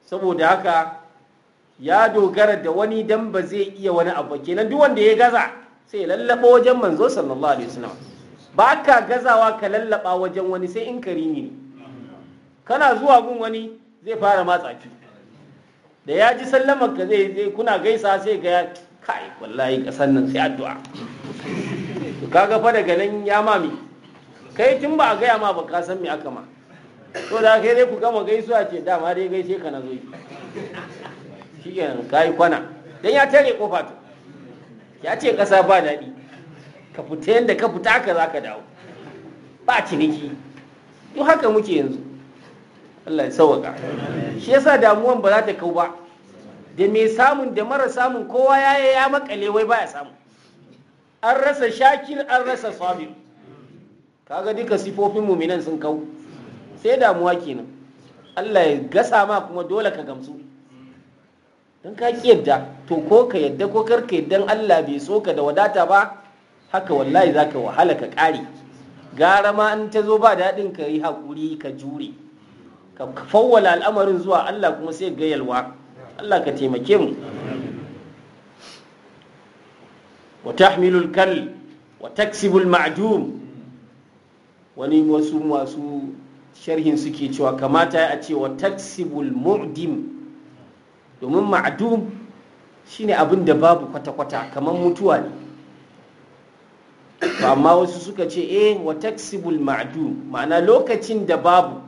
saboda haka ya dogara da wani dan ba zai iya wani abu kenan duk wanda ya gaza sai lallaba wajen manzo sallallahu alaihi wasallam ba ka gazawa ka lallaba wajen wani sai in kari ne kana zuwa gun wani zai fara matsa ki da ya ji sallamar ka zai zai kuna gaisa sai ga kai wallahi kasan nan sai addu'a to kaga fa daga nan ya mami kai tun ba a gaya ma ba ka san me aka ma to da kai dai ku gama gaisuwa ce dama dai gaishe ka na zo shi kenan kai kwana dan ya tare kofa to ya ce kasa ba daɗi ka fita yadda ka fita aka za ka dawo ba ciniki yau haka muke yanzu Allah ya sauwaka shi yasa damuwan ba za ta kau ba da mai samun da mara samun kowa ya ya makale wai ba ya samu an rasa shakir an rasa sabir kaga duka sifofin muminan sun kau sai damuwa kenan Allah ya gasa ma kuma dole ka gamsu don ka ki yadda to ko ka yadda ko karka ka yadda Allah bai so ka da wadata ba haka wallahi za ka wahala ka ƙare gara ma in ta zo ba daɗin ka yi haƙuri ka jure ka fawwala al'amarin zuwa Allah kuma sai ga yalwa Allah ka taimake mu wa tahmilul kal wa taksibul ma'dum wani wasu masu sharhin suke cewa kamata a ce wa taksibul mu'dim domin ma'dum shine abin da babu kwata-kwata kamar mutuwa ne to amma wasu suka ce eh wa taksibul ma'du ma'ana lokacin da babu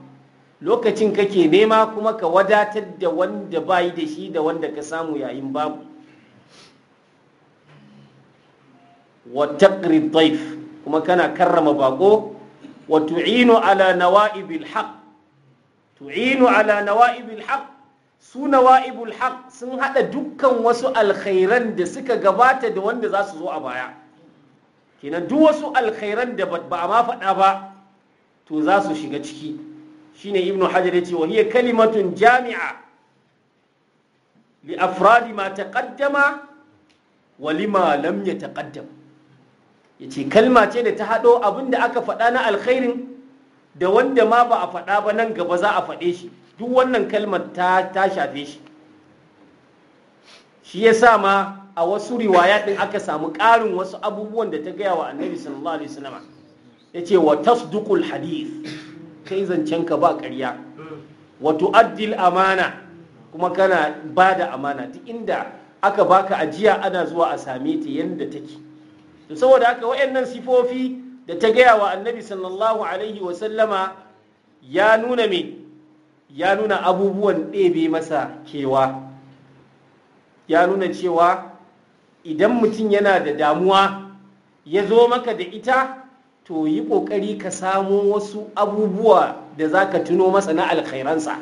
lokacin kake nema kuma ka wadatar da wanda bayi da shi da wanda ka samu yayin babu wa taqri daif kuma kana karrama bako wa tu'inu ala nawa'ibil haqq tu'inu ala nawa'ibil haqq su nawa'ibul haqq sun hada dukkan wasu alkhairan da suka gabata da wanda za su zo a baya kenan duk wasu alkhairan da ba a ma faɗa ba to za su shiga ciki Shi ne Ibn hajar ya ce wa hiya kalimatun jami'a li afradi ma taqaddama wa lima lam Ya ce kalma ce da ta haɗo abinda aka faɗa na alkhairin da wanda ma ba a faɗa ba nan gaba za a faɗe shi duk wannan kalmar ta shafe shi shi ya sa ma a wasu riwaya din aka samu ƙarin wasu abubuwan da ta gaya wa annabi sallallahu alaihi wasallam ya ce wa tasduqul hadith kai zancen ka ba ƙarya wa tu'addil amana kuma kana ba da amana duk inda aka baka ajiya ana zuwa a same ta yadda take to saboda haka wayannan sifofi da ta gaya wa annabi sallallahu alaihi wasallama ya nuna me ya nuna abubuwan ɗebe masa kewa ya nuna cewa idan mutum yana da damuwa ya zo maka da ita to yi ƙoƙari ka samo wasu abubuwa da za ka tuno masa na alkhairansa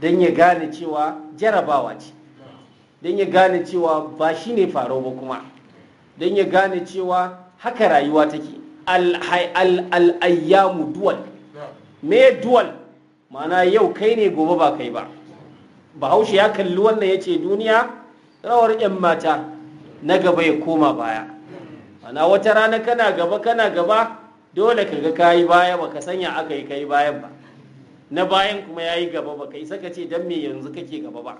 don ya gane cewa jarabawa ce don ya gane cewa ba shi ne faro ba kuma don ya gane cewa haka rayuwa take al'ayyamu duwal me duwal mana yau kai ne gobe ba kai ba bahaushe ya kalli wannan ya ce duniya rawar 'yan mata na gaba ya koma baya ana wata rana kana gaba kana gaba dole ka ga kayi baya baka sanya aka yi kayi bayan ba na bayan kuma yayi gaba baka isa ka ce dan me yanzu kake gaba ba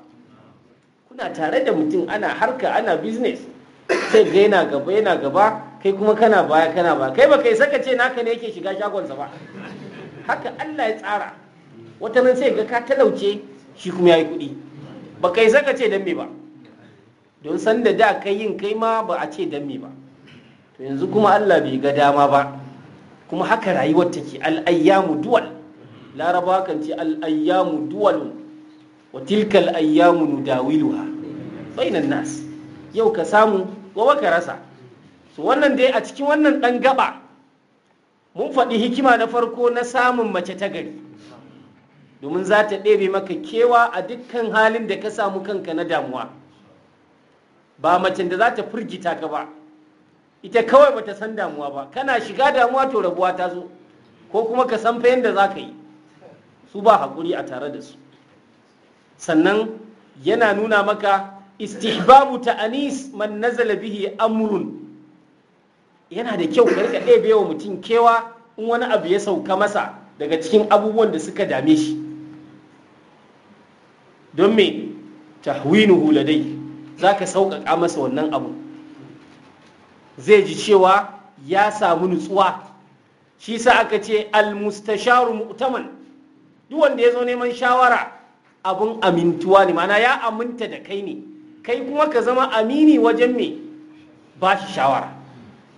kuna tare da mutum ana harka ana business sai ga yana gaba yana gaba kai kuma kana baya kana ba kai baka isa ka ce naka ne yake shiga shagonsa ba haka Allah ya tsara wata nan sai ga ka talauce shi kuma yayi kuɗi baka isa ka ce dan me ba don san da da kai yin kai ma ba a ce dan me ba to yanzu kuma Allah bai ga dama ba kuma haka rayuwar take al-ayyamu duwal laraba kan ce al-ayyamu duwal wa al ayyamu nudawiluha bainan nas yau ka samu gobe ka rasa so wannan dai a cikin wannan dan gaba mun faɗi hikima na farko na samun mace ta gari domin za ta ɗebe maka kewa a dukkan halin da ka samu kanka na damuwa ba macen da za ta firgita ka ba ita kawai bata san damuwa ba kana shiga damuwa to rabuwa ta zo ko kuma ka san fa yadda za ka yi su ba haƙuri a tare da su sannan yana nuna maka istihbabu ta anis man nazala bihi amrun yana da kyau ka rika ɗebe wa mutum kewa in wani abu ya sauka masa daga cikin abubuwan da suka dame shi don me tahwinuhu huladai za ka sauƙaƙa masa wannan abu zai ji cewa ya samu nutsuwa shi sa aka ce almustasharu mu'taman duk wanda ya zo neman shawara abun amintuwa ne mana ya aminta da kai ne kai kuma ka zama amini wajen me ba shi shawara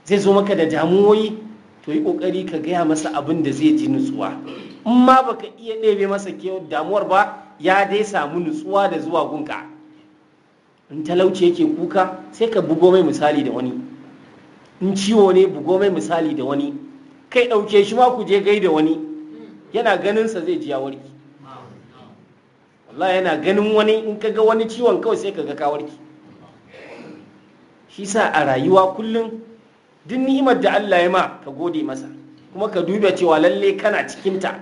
zai zo maka da damuwoyi to yi ƙoƙari ka gaya masa abin da zai ji nutsuwa in ma baka iya ɗebe masa damuwar ba ya dai samu nutsuwa da zuwa gunka in talauci yake kuka sai ka bugo mai misali da wani in ciwo ne bugo mai misali da wani kai ɗauke shi ma ku je gai da wani yana ganinsa zai ji ya warki wallahi yana ganin wani in ka ga wani ciwon kawai sai ka ga ka warki shi sa a rayuwa kullum duk ni'imar da Allah ya ma ka gode masa kuma ka duba cewa lalle kana cikinta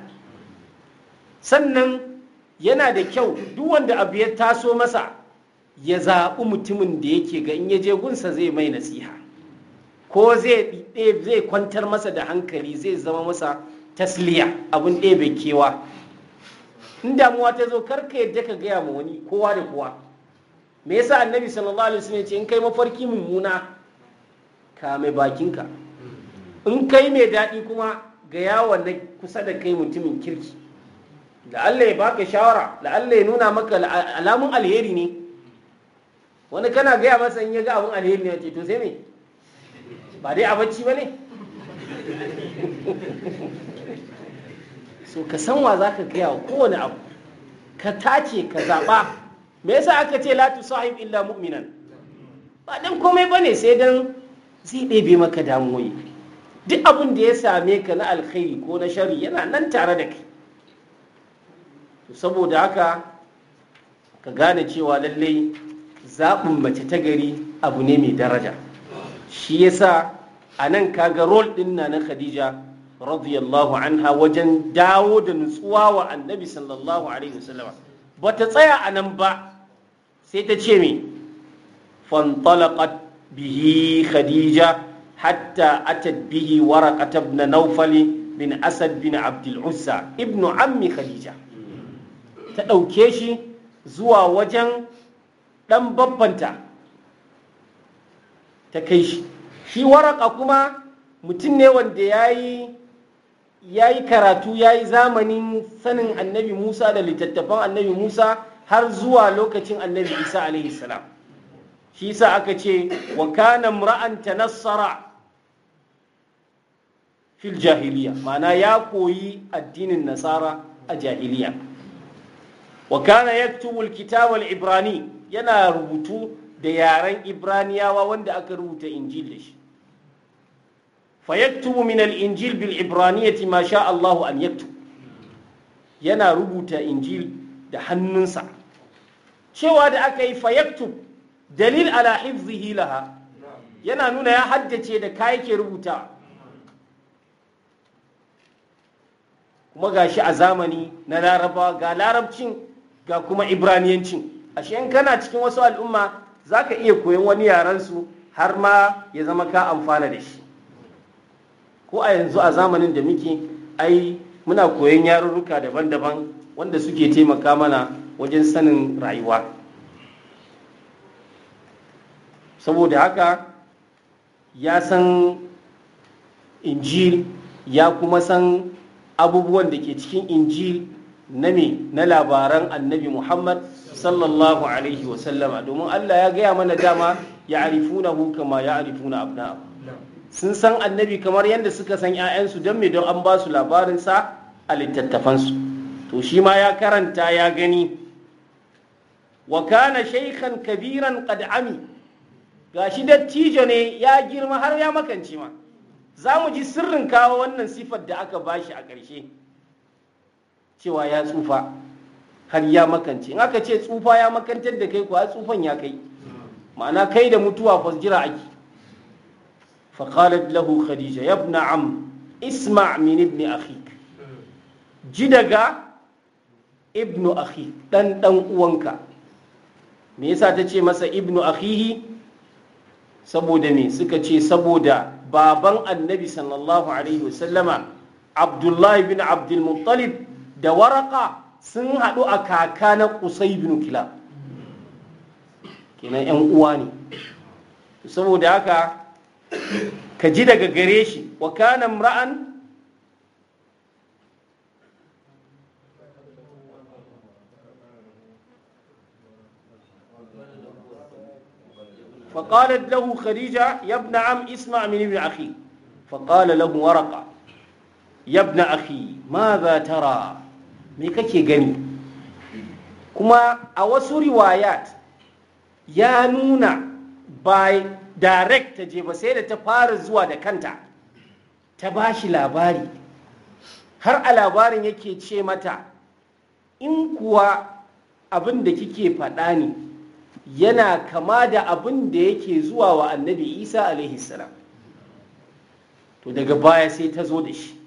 sannan yana da kyau duk wanda abu ya taso masa ya zaɓi mutumin da yake ga in ya je gunsa zai mai nasiha ko zai zai kwantar masa da hankali zai zama masa tasliya abin ɗebe kewa in damuwa ta zo karka yadda ka gaya ma wani kowa da kowa me yasa annabi sallallahu alaihi wasallam ce in kai mafarki mummuna ka mai bakinka in kai mai daɗi kuma ga yawon na kusa da kai mutumin kirki da Allah ya baka shawara da Allah ya nuna maka alamun alheri ne wani kana gaya masa in ya ga abin alheri ne to sai me ba dai a ba ne so ka san wa za ka gaya wa kowane abu ka tace ka zaɓa me yasa aka ce la tu sahib illa mu'minan ba dan komai ba sai dan zai ɗebe maka damuwoyi duk abin da ya same ka na alkhairi ko na shari yana nan tare da kai saboda haka ka gane cewa lallai zaɓin mace ta gari abu ne mai daraja shi yasa a nan kaga rol ɗin na na khadija radiyallahu anha wajen dawo da nutsuwa wa annabi sallallahu alaihi wasallam ba ta tsaya a nan ba sai ta ce mai fantalaqat bihi khadija hatta atat bihi waraqat ibn nawfal bin asad bin abdul uzza ibnu ammi khadija ta ɗauke shi zuwa wajen ɗan babbanta ta kai shi shi waraka kuma mutum ne wanda ya yi karatu ya yi zamanin sanin annabi musa da littattafan annabi musa har zuwa lokacin annabi isa alaihi salam shi sa aka ce wa kana mura'an tanassara fil jahiliya ya koyi addinin nasara a jahiliya wa kana yaktubu ibrani yana rubutu da yaren ibraniyawa wanda aka rubuta injil da shi fayaktubu min al-injil bil ibraniyati ma sha Allah an yaktub yana rubuta injil da hannunsa cewa da aka yi fayaktub dalil ala hifzihi laha yana nuna ya haddace da ka yake rubuta kuma gashi a zamani na laraba ga larabcin ga kuma ibraniyancin ashe in kana cikin wasu al'umma za ka iya koyon wani yarensu har ma ya zama ka amfana da shi ko a yanzu a zamanin da muke ai muna koyon yarurruka daban-daban wanda suke taimaka mana wajen sanin rayuwa saboda haka ya san injil ya kuma san abubuwan da ke cikin injil na me na labaran annabi muhammad sallallahu alaihi wasallama domin allah ya gaya mana dama ya arifuna kama ya arifuna abna sun san annabi kamar yadda suka san 'ya'yansu don me don an ba su labarinsa a littattafansu to shi ma ya karanta ya gani wa kana shaykhan kabiran ƙad'ami ami gashi dattijo ne ya girma har ya makance ma za mu ji sirrin kawo wannan sifar da aka bashi a ƙarshe cewa ya tsufa har ya makance in aka ce tsufa ya makantar da kai kuwa tsufan ya kai ma'ana kai da mutuwa fa jira ake fa qalat lahu khadija yabna am isma min ibn akhik ji daga ibn akhik dan dan uwanka me yasa ta ce masa ibn akhihi saboda me suka ce saboda baban annabi sallallahu alaihi wasallama abdullahi bin abdul muttalib da waraka sun haɗu a kaka na kusai bin kila kenan 'yan uwa ne saboda haka ka ji daga gare shi wa kana ra'an فقالت له خديجة يا ابن عم اسمع من ابن أخي فقال له ورقة يا ابن أخي ماذا ترى me kake gani kuma a wasu riwayat ya nuna ba direct ta je ba sai da ta fara zuwa da kanta ta ba shi labari har a labarin yake ce mata in kuwa abin da kike faɗa ne yana kama da abin da yake zuwa wa annabi isa alaihi salam to daga baya sai ta zo da shi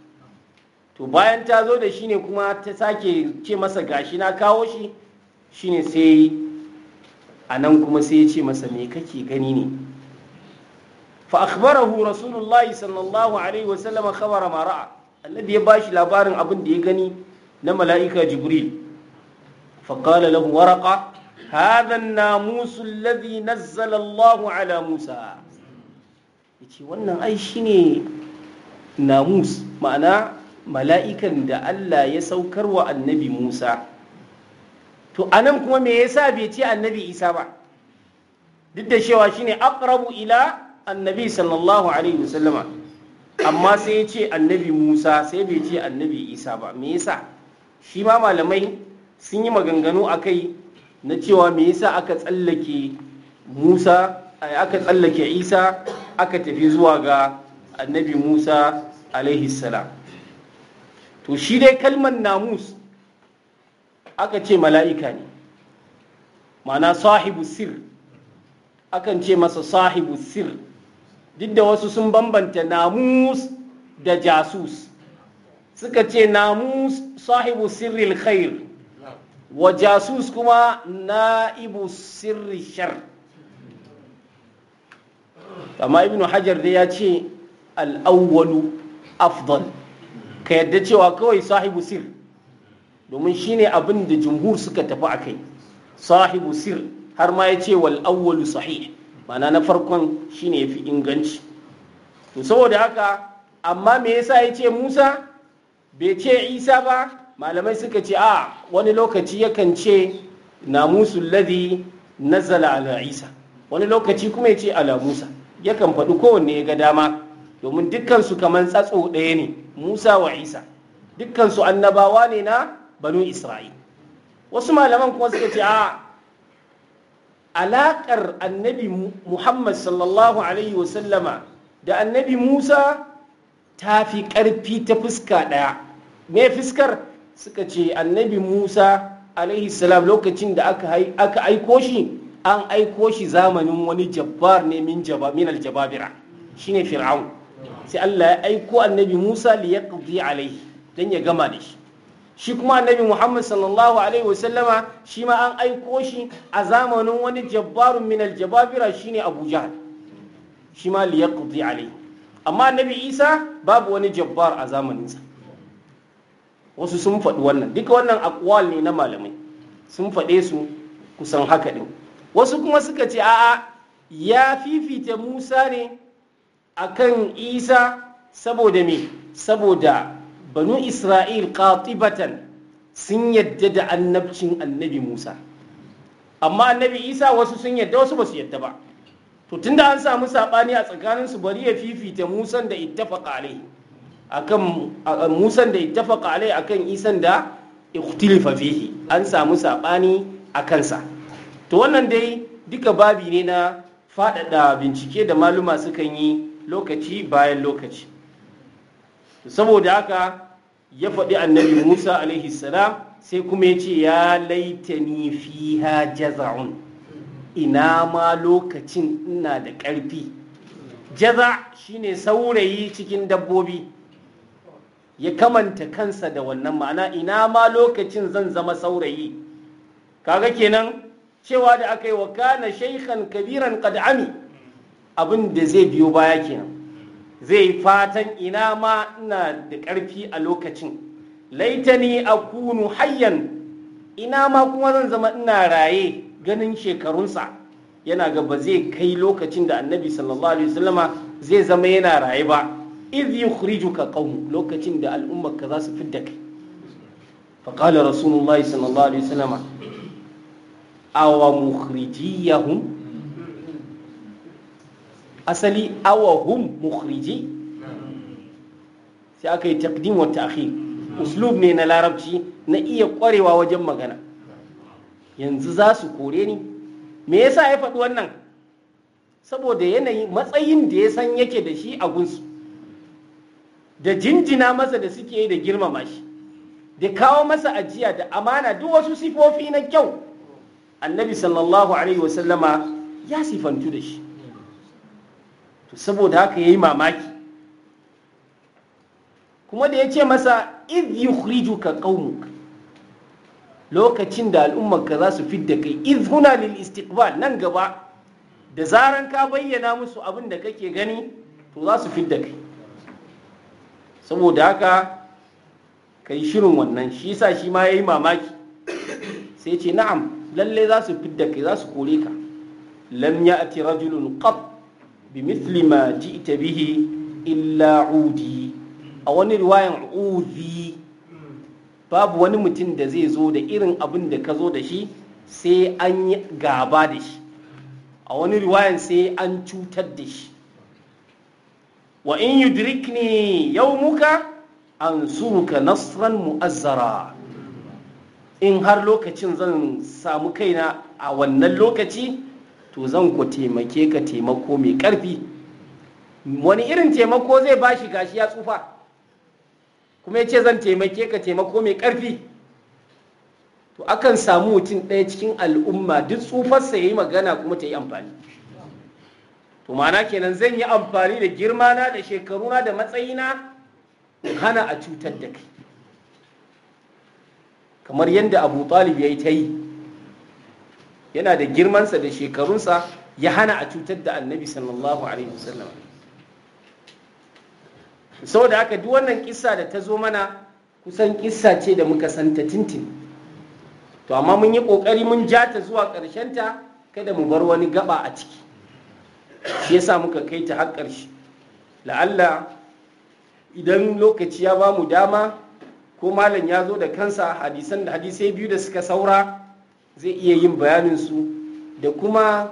to bayan ta zo da shi ne kuma ta sake ce masa gashi na kawo shi shi ne sai a nan kuma sai ya ce masa me kake gani ne fa akhbarahu rasulullahi sallallahu alaihi wasallam khabara ma ra'a annabi ya bashi labarin abin da ya gani na mala'ika jibril fa qala lahu waraqa hadha an-namus alladhi nazzala Allah ala Musa yace wannan ai shine namus ma'ana mala'ikan da Allah ya saukar wa annabi Musa to anan kuma me yasa bai ce annabi Isa ba duk da cewa shine aqrabu ila annabi sallallahu alaihi wasallama amma sai ya ce annabi Musa sai bai ce annabi Isa ba me yasa shi ma malamai sun yi maganganu a kai na cewa me yasa aka tsallake Musa eh, aka tsallake Isa aka tafi zuwa ga annabi Musa alaihi salam to shi dai kalmar namus aka ce mala'ika ne mana sahibu sir akan ce masa sahibu sir duk da wasu sun bambanta namus da jasus suka ce namus sahibu sirri khair wa jasus kuma na'ibu sirri shar amma Ibn hajar da ya ce al'awwalu afdal ka yadda cewa kawai sahibu sir domin shine abin da jumhur suka tafi a kai sahibu sir har ma ya ce wal awwalu sahih mana na farkon shine yafi inganci to saboda haka amma me yasa ya ce Musa bai ce Isa ba malamai suka ce a wani lokaci yakan ce namusul ladhi nazala ala Isa wani lokaci kuma ya ce ala Musa yakan faɗi kowanne ya ga dama domin dukkan kamar tsatso ɗaya ne Musa wa Isa dukkansu annabawa ne na banu Isra'il wasu malaman kuma suka ce a alaƙar annabi Muhammad sallallahu alaihi wasallama da annabi Musa ta fi ƙarfi ta fuska ɗaya me fuskar suka ce annabi Musa alaihi salam lokacin da aka aiko shi an aiko shi zamanin wani jabbar ne min aljababira shine fir'aun sai Allah ya aiko annabi Musa li yaqdi alaihi dan ya gama da shi shi kuma annabi Muhammad sallallahu alaihi wasallama shi ma an aiko shi a zamanin wani jabbarun min aljababira shine Abu Jahl shi ma li yaqdi alaihi amma annabi Isa babu wani jabbar a zamanin sa. wasu sun faɗi wannan duka wannan aqwal ne na malamai sun faɗe su kusan haka din wasu kuma suka ce a'a ya fifita Musa ne akan isa saboda me saboda banu isra'il qatibatan sun yadda da annabcin annabi musa amma annabi isa wasu sun yadda wasu ba su yadda ba to tunda an samu sabani a tsakaninsu bari ya fifita musan da ittafaqa alai akan musan da ittafaqa alai akan isan da ikhtilifa fihi an samu sabani a kansa to wannan dai duka babi ne na faɗaɗa bincike da maluma sukan yi lokaci bayan lokaci saboda haka ya faɗi annabi musa alaihi salam sai kuma ya ce ya laitani fiha jaza'un ina ma lokacin ina da ƙarfi jaza shine saurayi cikin dabbobi ya kamanta kansa da wannan ma'ana ina ma lokacin zan zama saurayi kaga kenan cewa da aka yi wa kana shaikhan kabiran Ami. abin da zai biyo baya kenan zai fatan ina ma ina da ƙarfi a lokacin laitani a kunu hayyan ina ma kuma zan zama ina raye ganin shekarunsa yana ga ba zai kai lokacin da annabi sallallahu alaihi wasallama zai zama yana raye ba idh yukhrijuka qaum lokacin da al'ummarka za su fidda kai qala rasulullahi sallallahu alaihi wasallama awa mukhrijiyahum asali awahum mukhriji sai aka yi takdim wa ta'khir uslub ne na larabci na iya kwarewa wajen magana yanzu za su kore ni me yasa ya faɗi wannan saboda yanayi matsayin da ya san yake da shi a gunsu da jinjina masa da suke yi da girmama shi da kawo masa ajiya da amana duk wasu sifofi na kyau annabi sallallahu alaihi wasallama ya sifantu da shi to saboda haka ya yi mamaki kuma da ya ce masa iz ka qaumuk lokacin da al'ummarka za su fidda kai iz huna lil istiqbal nan gaba da zaran ka bayyana musu abin da kake gani to za su fidda kai saboda haka ka shirin wannan shi sa shi ma ya yi mamaki sai ce na'am lallai za su fidda kai za su kore ka lam ya ati rajulun qat بمثل ita bihi illa إلا a wani رواية عودي babu wani mutum da zai zo da irin abin da ka zo da shi sai an yi gaba da shi a wani riwayan sai an cutar da shi wa in yau muka an suruka nasran mu'azzara in har lokacin zan samu kaina a wannan lokaci to zan ku taimake ka taimako mai ƙarfi wani irin taimako zai ba shi gashi ya tsufa kuma ya ce zan taimake ka taimako mai karfi to akan samu mutum ɗaya cikin al'umma duk tsufarsa ya yi magana kuma ta yi amfani to ma'ana kenan zan yi amfani da girmana da shekaruna da matsayina hana a cutar da kai kamar yadda abu talib ya yi ta yi yana da girmansa da shekarunsa ya hana a cutar da annabi sallallahu alaihi wasallam saboda haka duk wannan kissa da ta zo mana kusan kissa ce da muka santa tintin to amma mun yi kokari mun ja ta zuwa ta kada mu bar wani gaba a ciki shi yasa muka kai ta har ƙarshe la'alla idan lokaci ya ba mu dama ko malam ya zo da kansa hadisan da hadisai biyu da suka saura zai iya yin bayanin su da kuma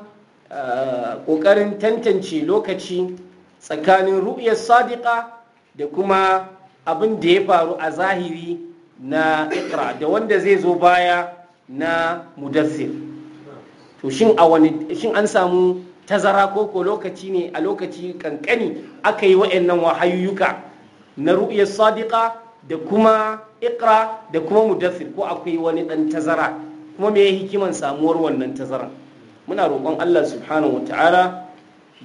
ah, ƙoƙarin tantance lokaci tsakanin ru'yar sadiqa da kuma abin da ya faru a zahiri na ikra da wanda zai zo baya na mudassir to shin an samu tazara koko lokaci ne a lokaci kankani aka yi wa'annan wahayyuka na ru'yar sadiqa da kuma ikra da kuma mudassir ko akwai wani ɗan tazara kuma me ya hikiman samuwar wannan tazara muna roƙon Allah subhanahu wata'ala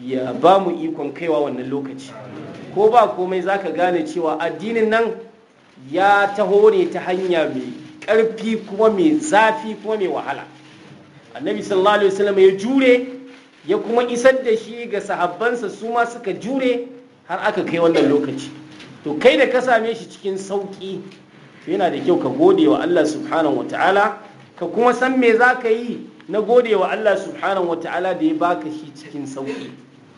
ya ba mu ikon kaiwa wannan lokaci ko ba komai za ka gane cewa addinin nan ya taho ne ta hanya mai ƙarfi kuma mai zafi kuma mai wahala annabi sallallahu alaihi wasallam ya jure ya kuma isar da shi ga sahabbansa su ma suka jure har aka kai wannan lokaci to kai da ka same shi cikin sauƙi to yana da kyau ka gode wa Allah subhanahu wataala ka kuma san me za ka yi na gode wa Allah subhanahu wata'ala da ya baka shi cikin sauƙi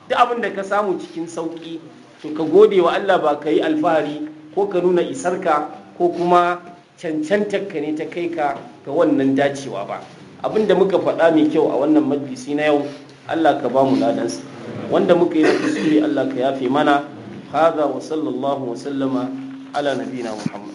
duk abin da ka samu cikin sauki to ka gode wa Allah ba ka yi alfahari ko ka nuna isarka ko kuma cancantar ka ne ta kai ka ga wannan dacewa ba abin da muka faɗa mai kyau a wannan majalisi na yau Allah ka ba mu ladansa wanda muka yi na kuskure Allah ka yafe mana wa sallallahu wa sallama ala nabina Muhammad.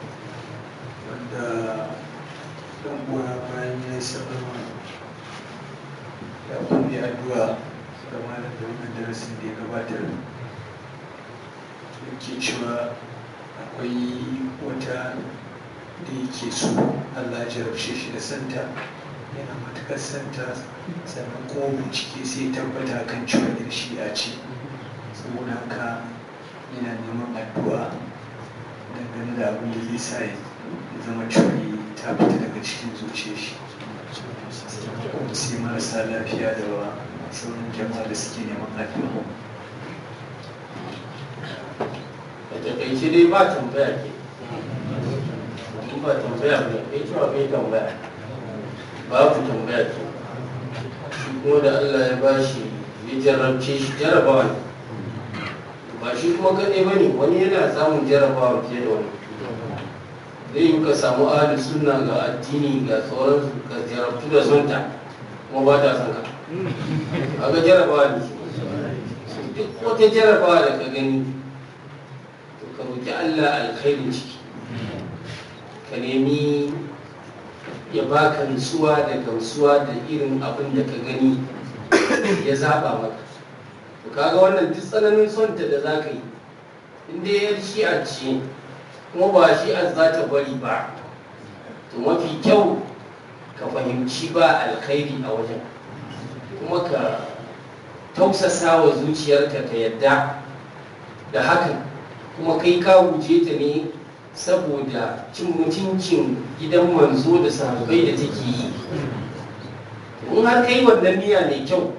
da wannan darasin da ya gabatar yake cewa akwai wata da yake so allah jarabce shi da santa yana matukar santa sannan kuma bincike sai tabbata kan cewa shi a ce saboda haka yana neman addu'a dangane da abin da zai sa ya zama cewa ta fita daga cikin zuciyar shi sai marasa lafiya da ba sauran jama'a da suke neman ba tambaya ke ba tambaya ke shi kuma da allah ya bashi ya jarabce shi jarabawa ne ba shi kuma kaɗai ba ne wani yana samun jarabawa fiye da wani zai yi ka samu ahalin suna ga addini ga tsoron ka jarabtu da zonta kuma ba ta son ka a ga da su, duk wata jarabawa da ka gani to ka roƙi allah alkhairin ciki ka nemi ya baka nutsuwa da gamsuwa da irin abin da ka gani ya zaɓa maka to kaga wannan duk tsananin sonta da za ka yi inda ya shi a ce kuma ba shi a za ta bari ba to mafi kyau ka fahimci ba alkhairi a wajen kuma ka tausasa wa zuciyarka ta yadda da hakan kuma kai ka guje ta ne saboda cin mutuncin gidan manzo da sahabbai da take yi in har ka yi wannan niyya mai kyau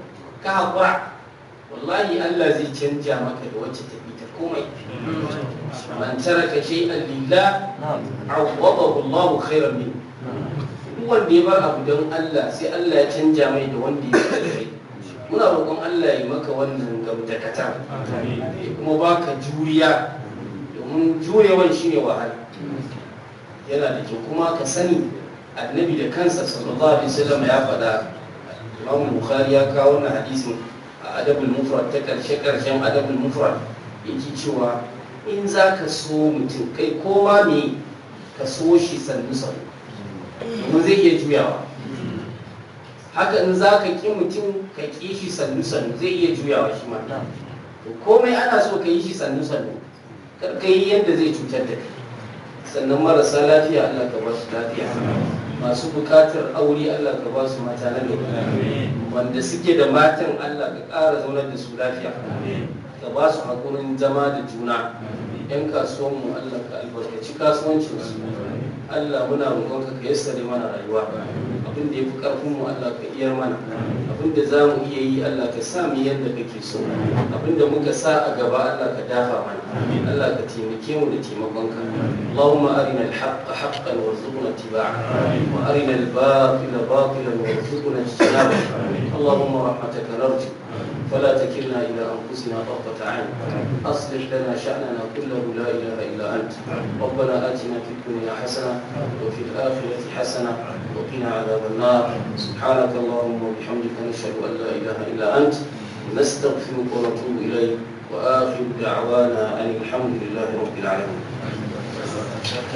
ka haƙura wallahi Allah zai canja maka da wacce ta ta komai mm. man taraka shay'an lillah awwadahu allah khairan minhu duk wanda ya bar abu don Allah sai Allah ya canja mai da wanda ya kai muna roƙon Allah ya maka wannan gamdakatar ya kuma baka juriya domin jurewan ne wahala yana da kyau kuma ka sani annabi da kansa sallallahu alaihi wasallam ya faɗa Imam Bukhari ya kawo wannan hadisin a adabul mufrad ta karshe karshen adabul mufrad yake cewa in za ka so mutum kai kowa ne ka so shi sannu sannu kuma zai iya juyawa haka in za ka ƙi mutum ka ƙi shi sannu-sannu zai iya juyawa shi ma komai ana so ka yi shi sannu-sannu kar ka yi yadda zai cutar da kai sannan marasa lafiya Allah ka ba su lafiya masu bukatar aure Allah ka ba su mata na da wanda suke da matan Allah ka ƙara zaunar da su lafiya ka ba su haƙurin zama da juna 'yan kasuwanmu Allah ka albarkaci kasuwancinsu Allah muna roƙonka ka yassare mana rayuwa abin da ya fi ƙarfin mu Allah ka iyar mana abin da za mu iya yi Allah ka sa mu yadda kake so abin da muka sa a gaba Allah ka dafa mana Allah ka taimake mu da taimakonka Allahumma arina al-haqqa haqqan warzuqna ittiba'a wa arina al-batila batilan warzuqna ijtinaba Allahumma rahmataka narju ولا تكلنا إلى أنفسنا طرفة عين أصلح لنا شأننا كله لا إله إلا أنت ربنا آتنا في الدنيا حسنة وفي الآخرة حسنة وقنا عذاب النار سبحانك اللهم وبحمدك نشهد أن لا إله إلا أنت نستغفرك ونتوب إليك وآخر دعوانا أن الحمد لله رب العالمين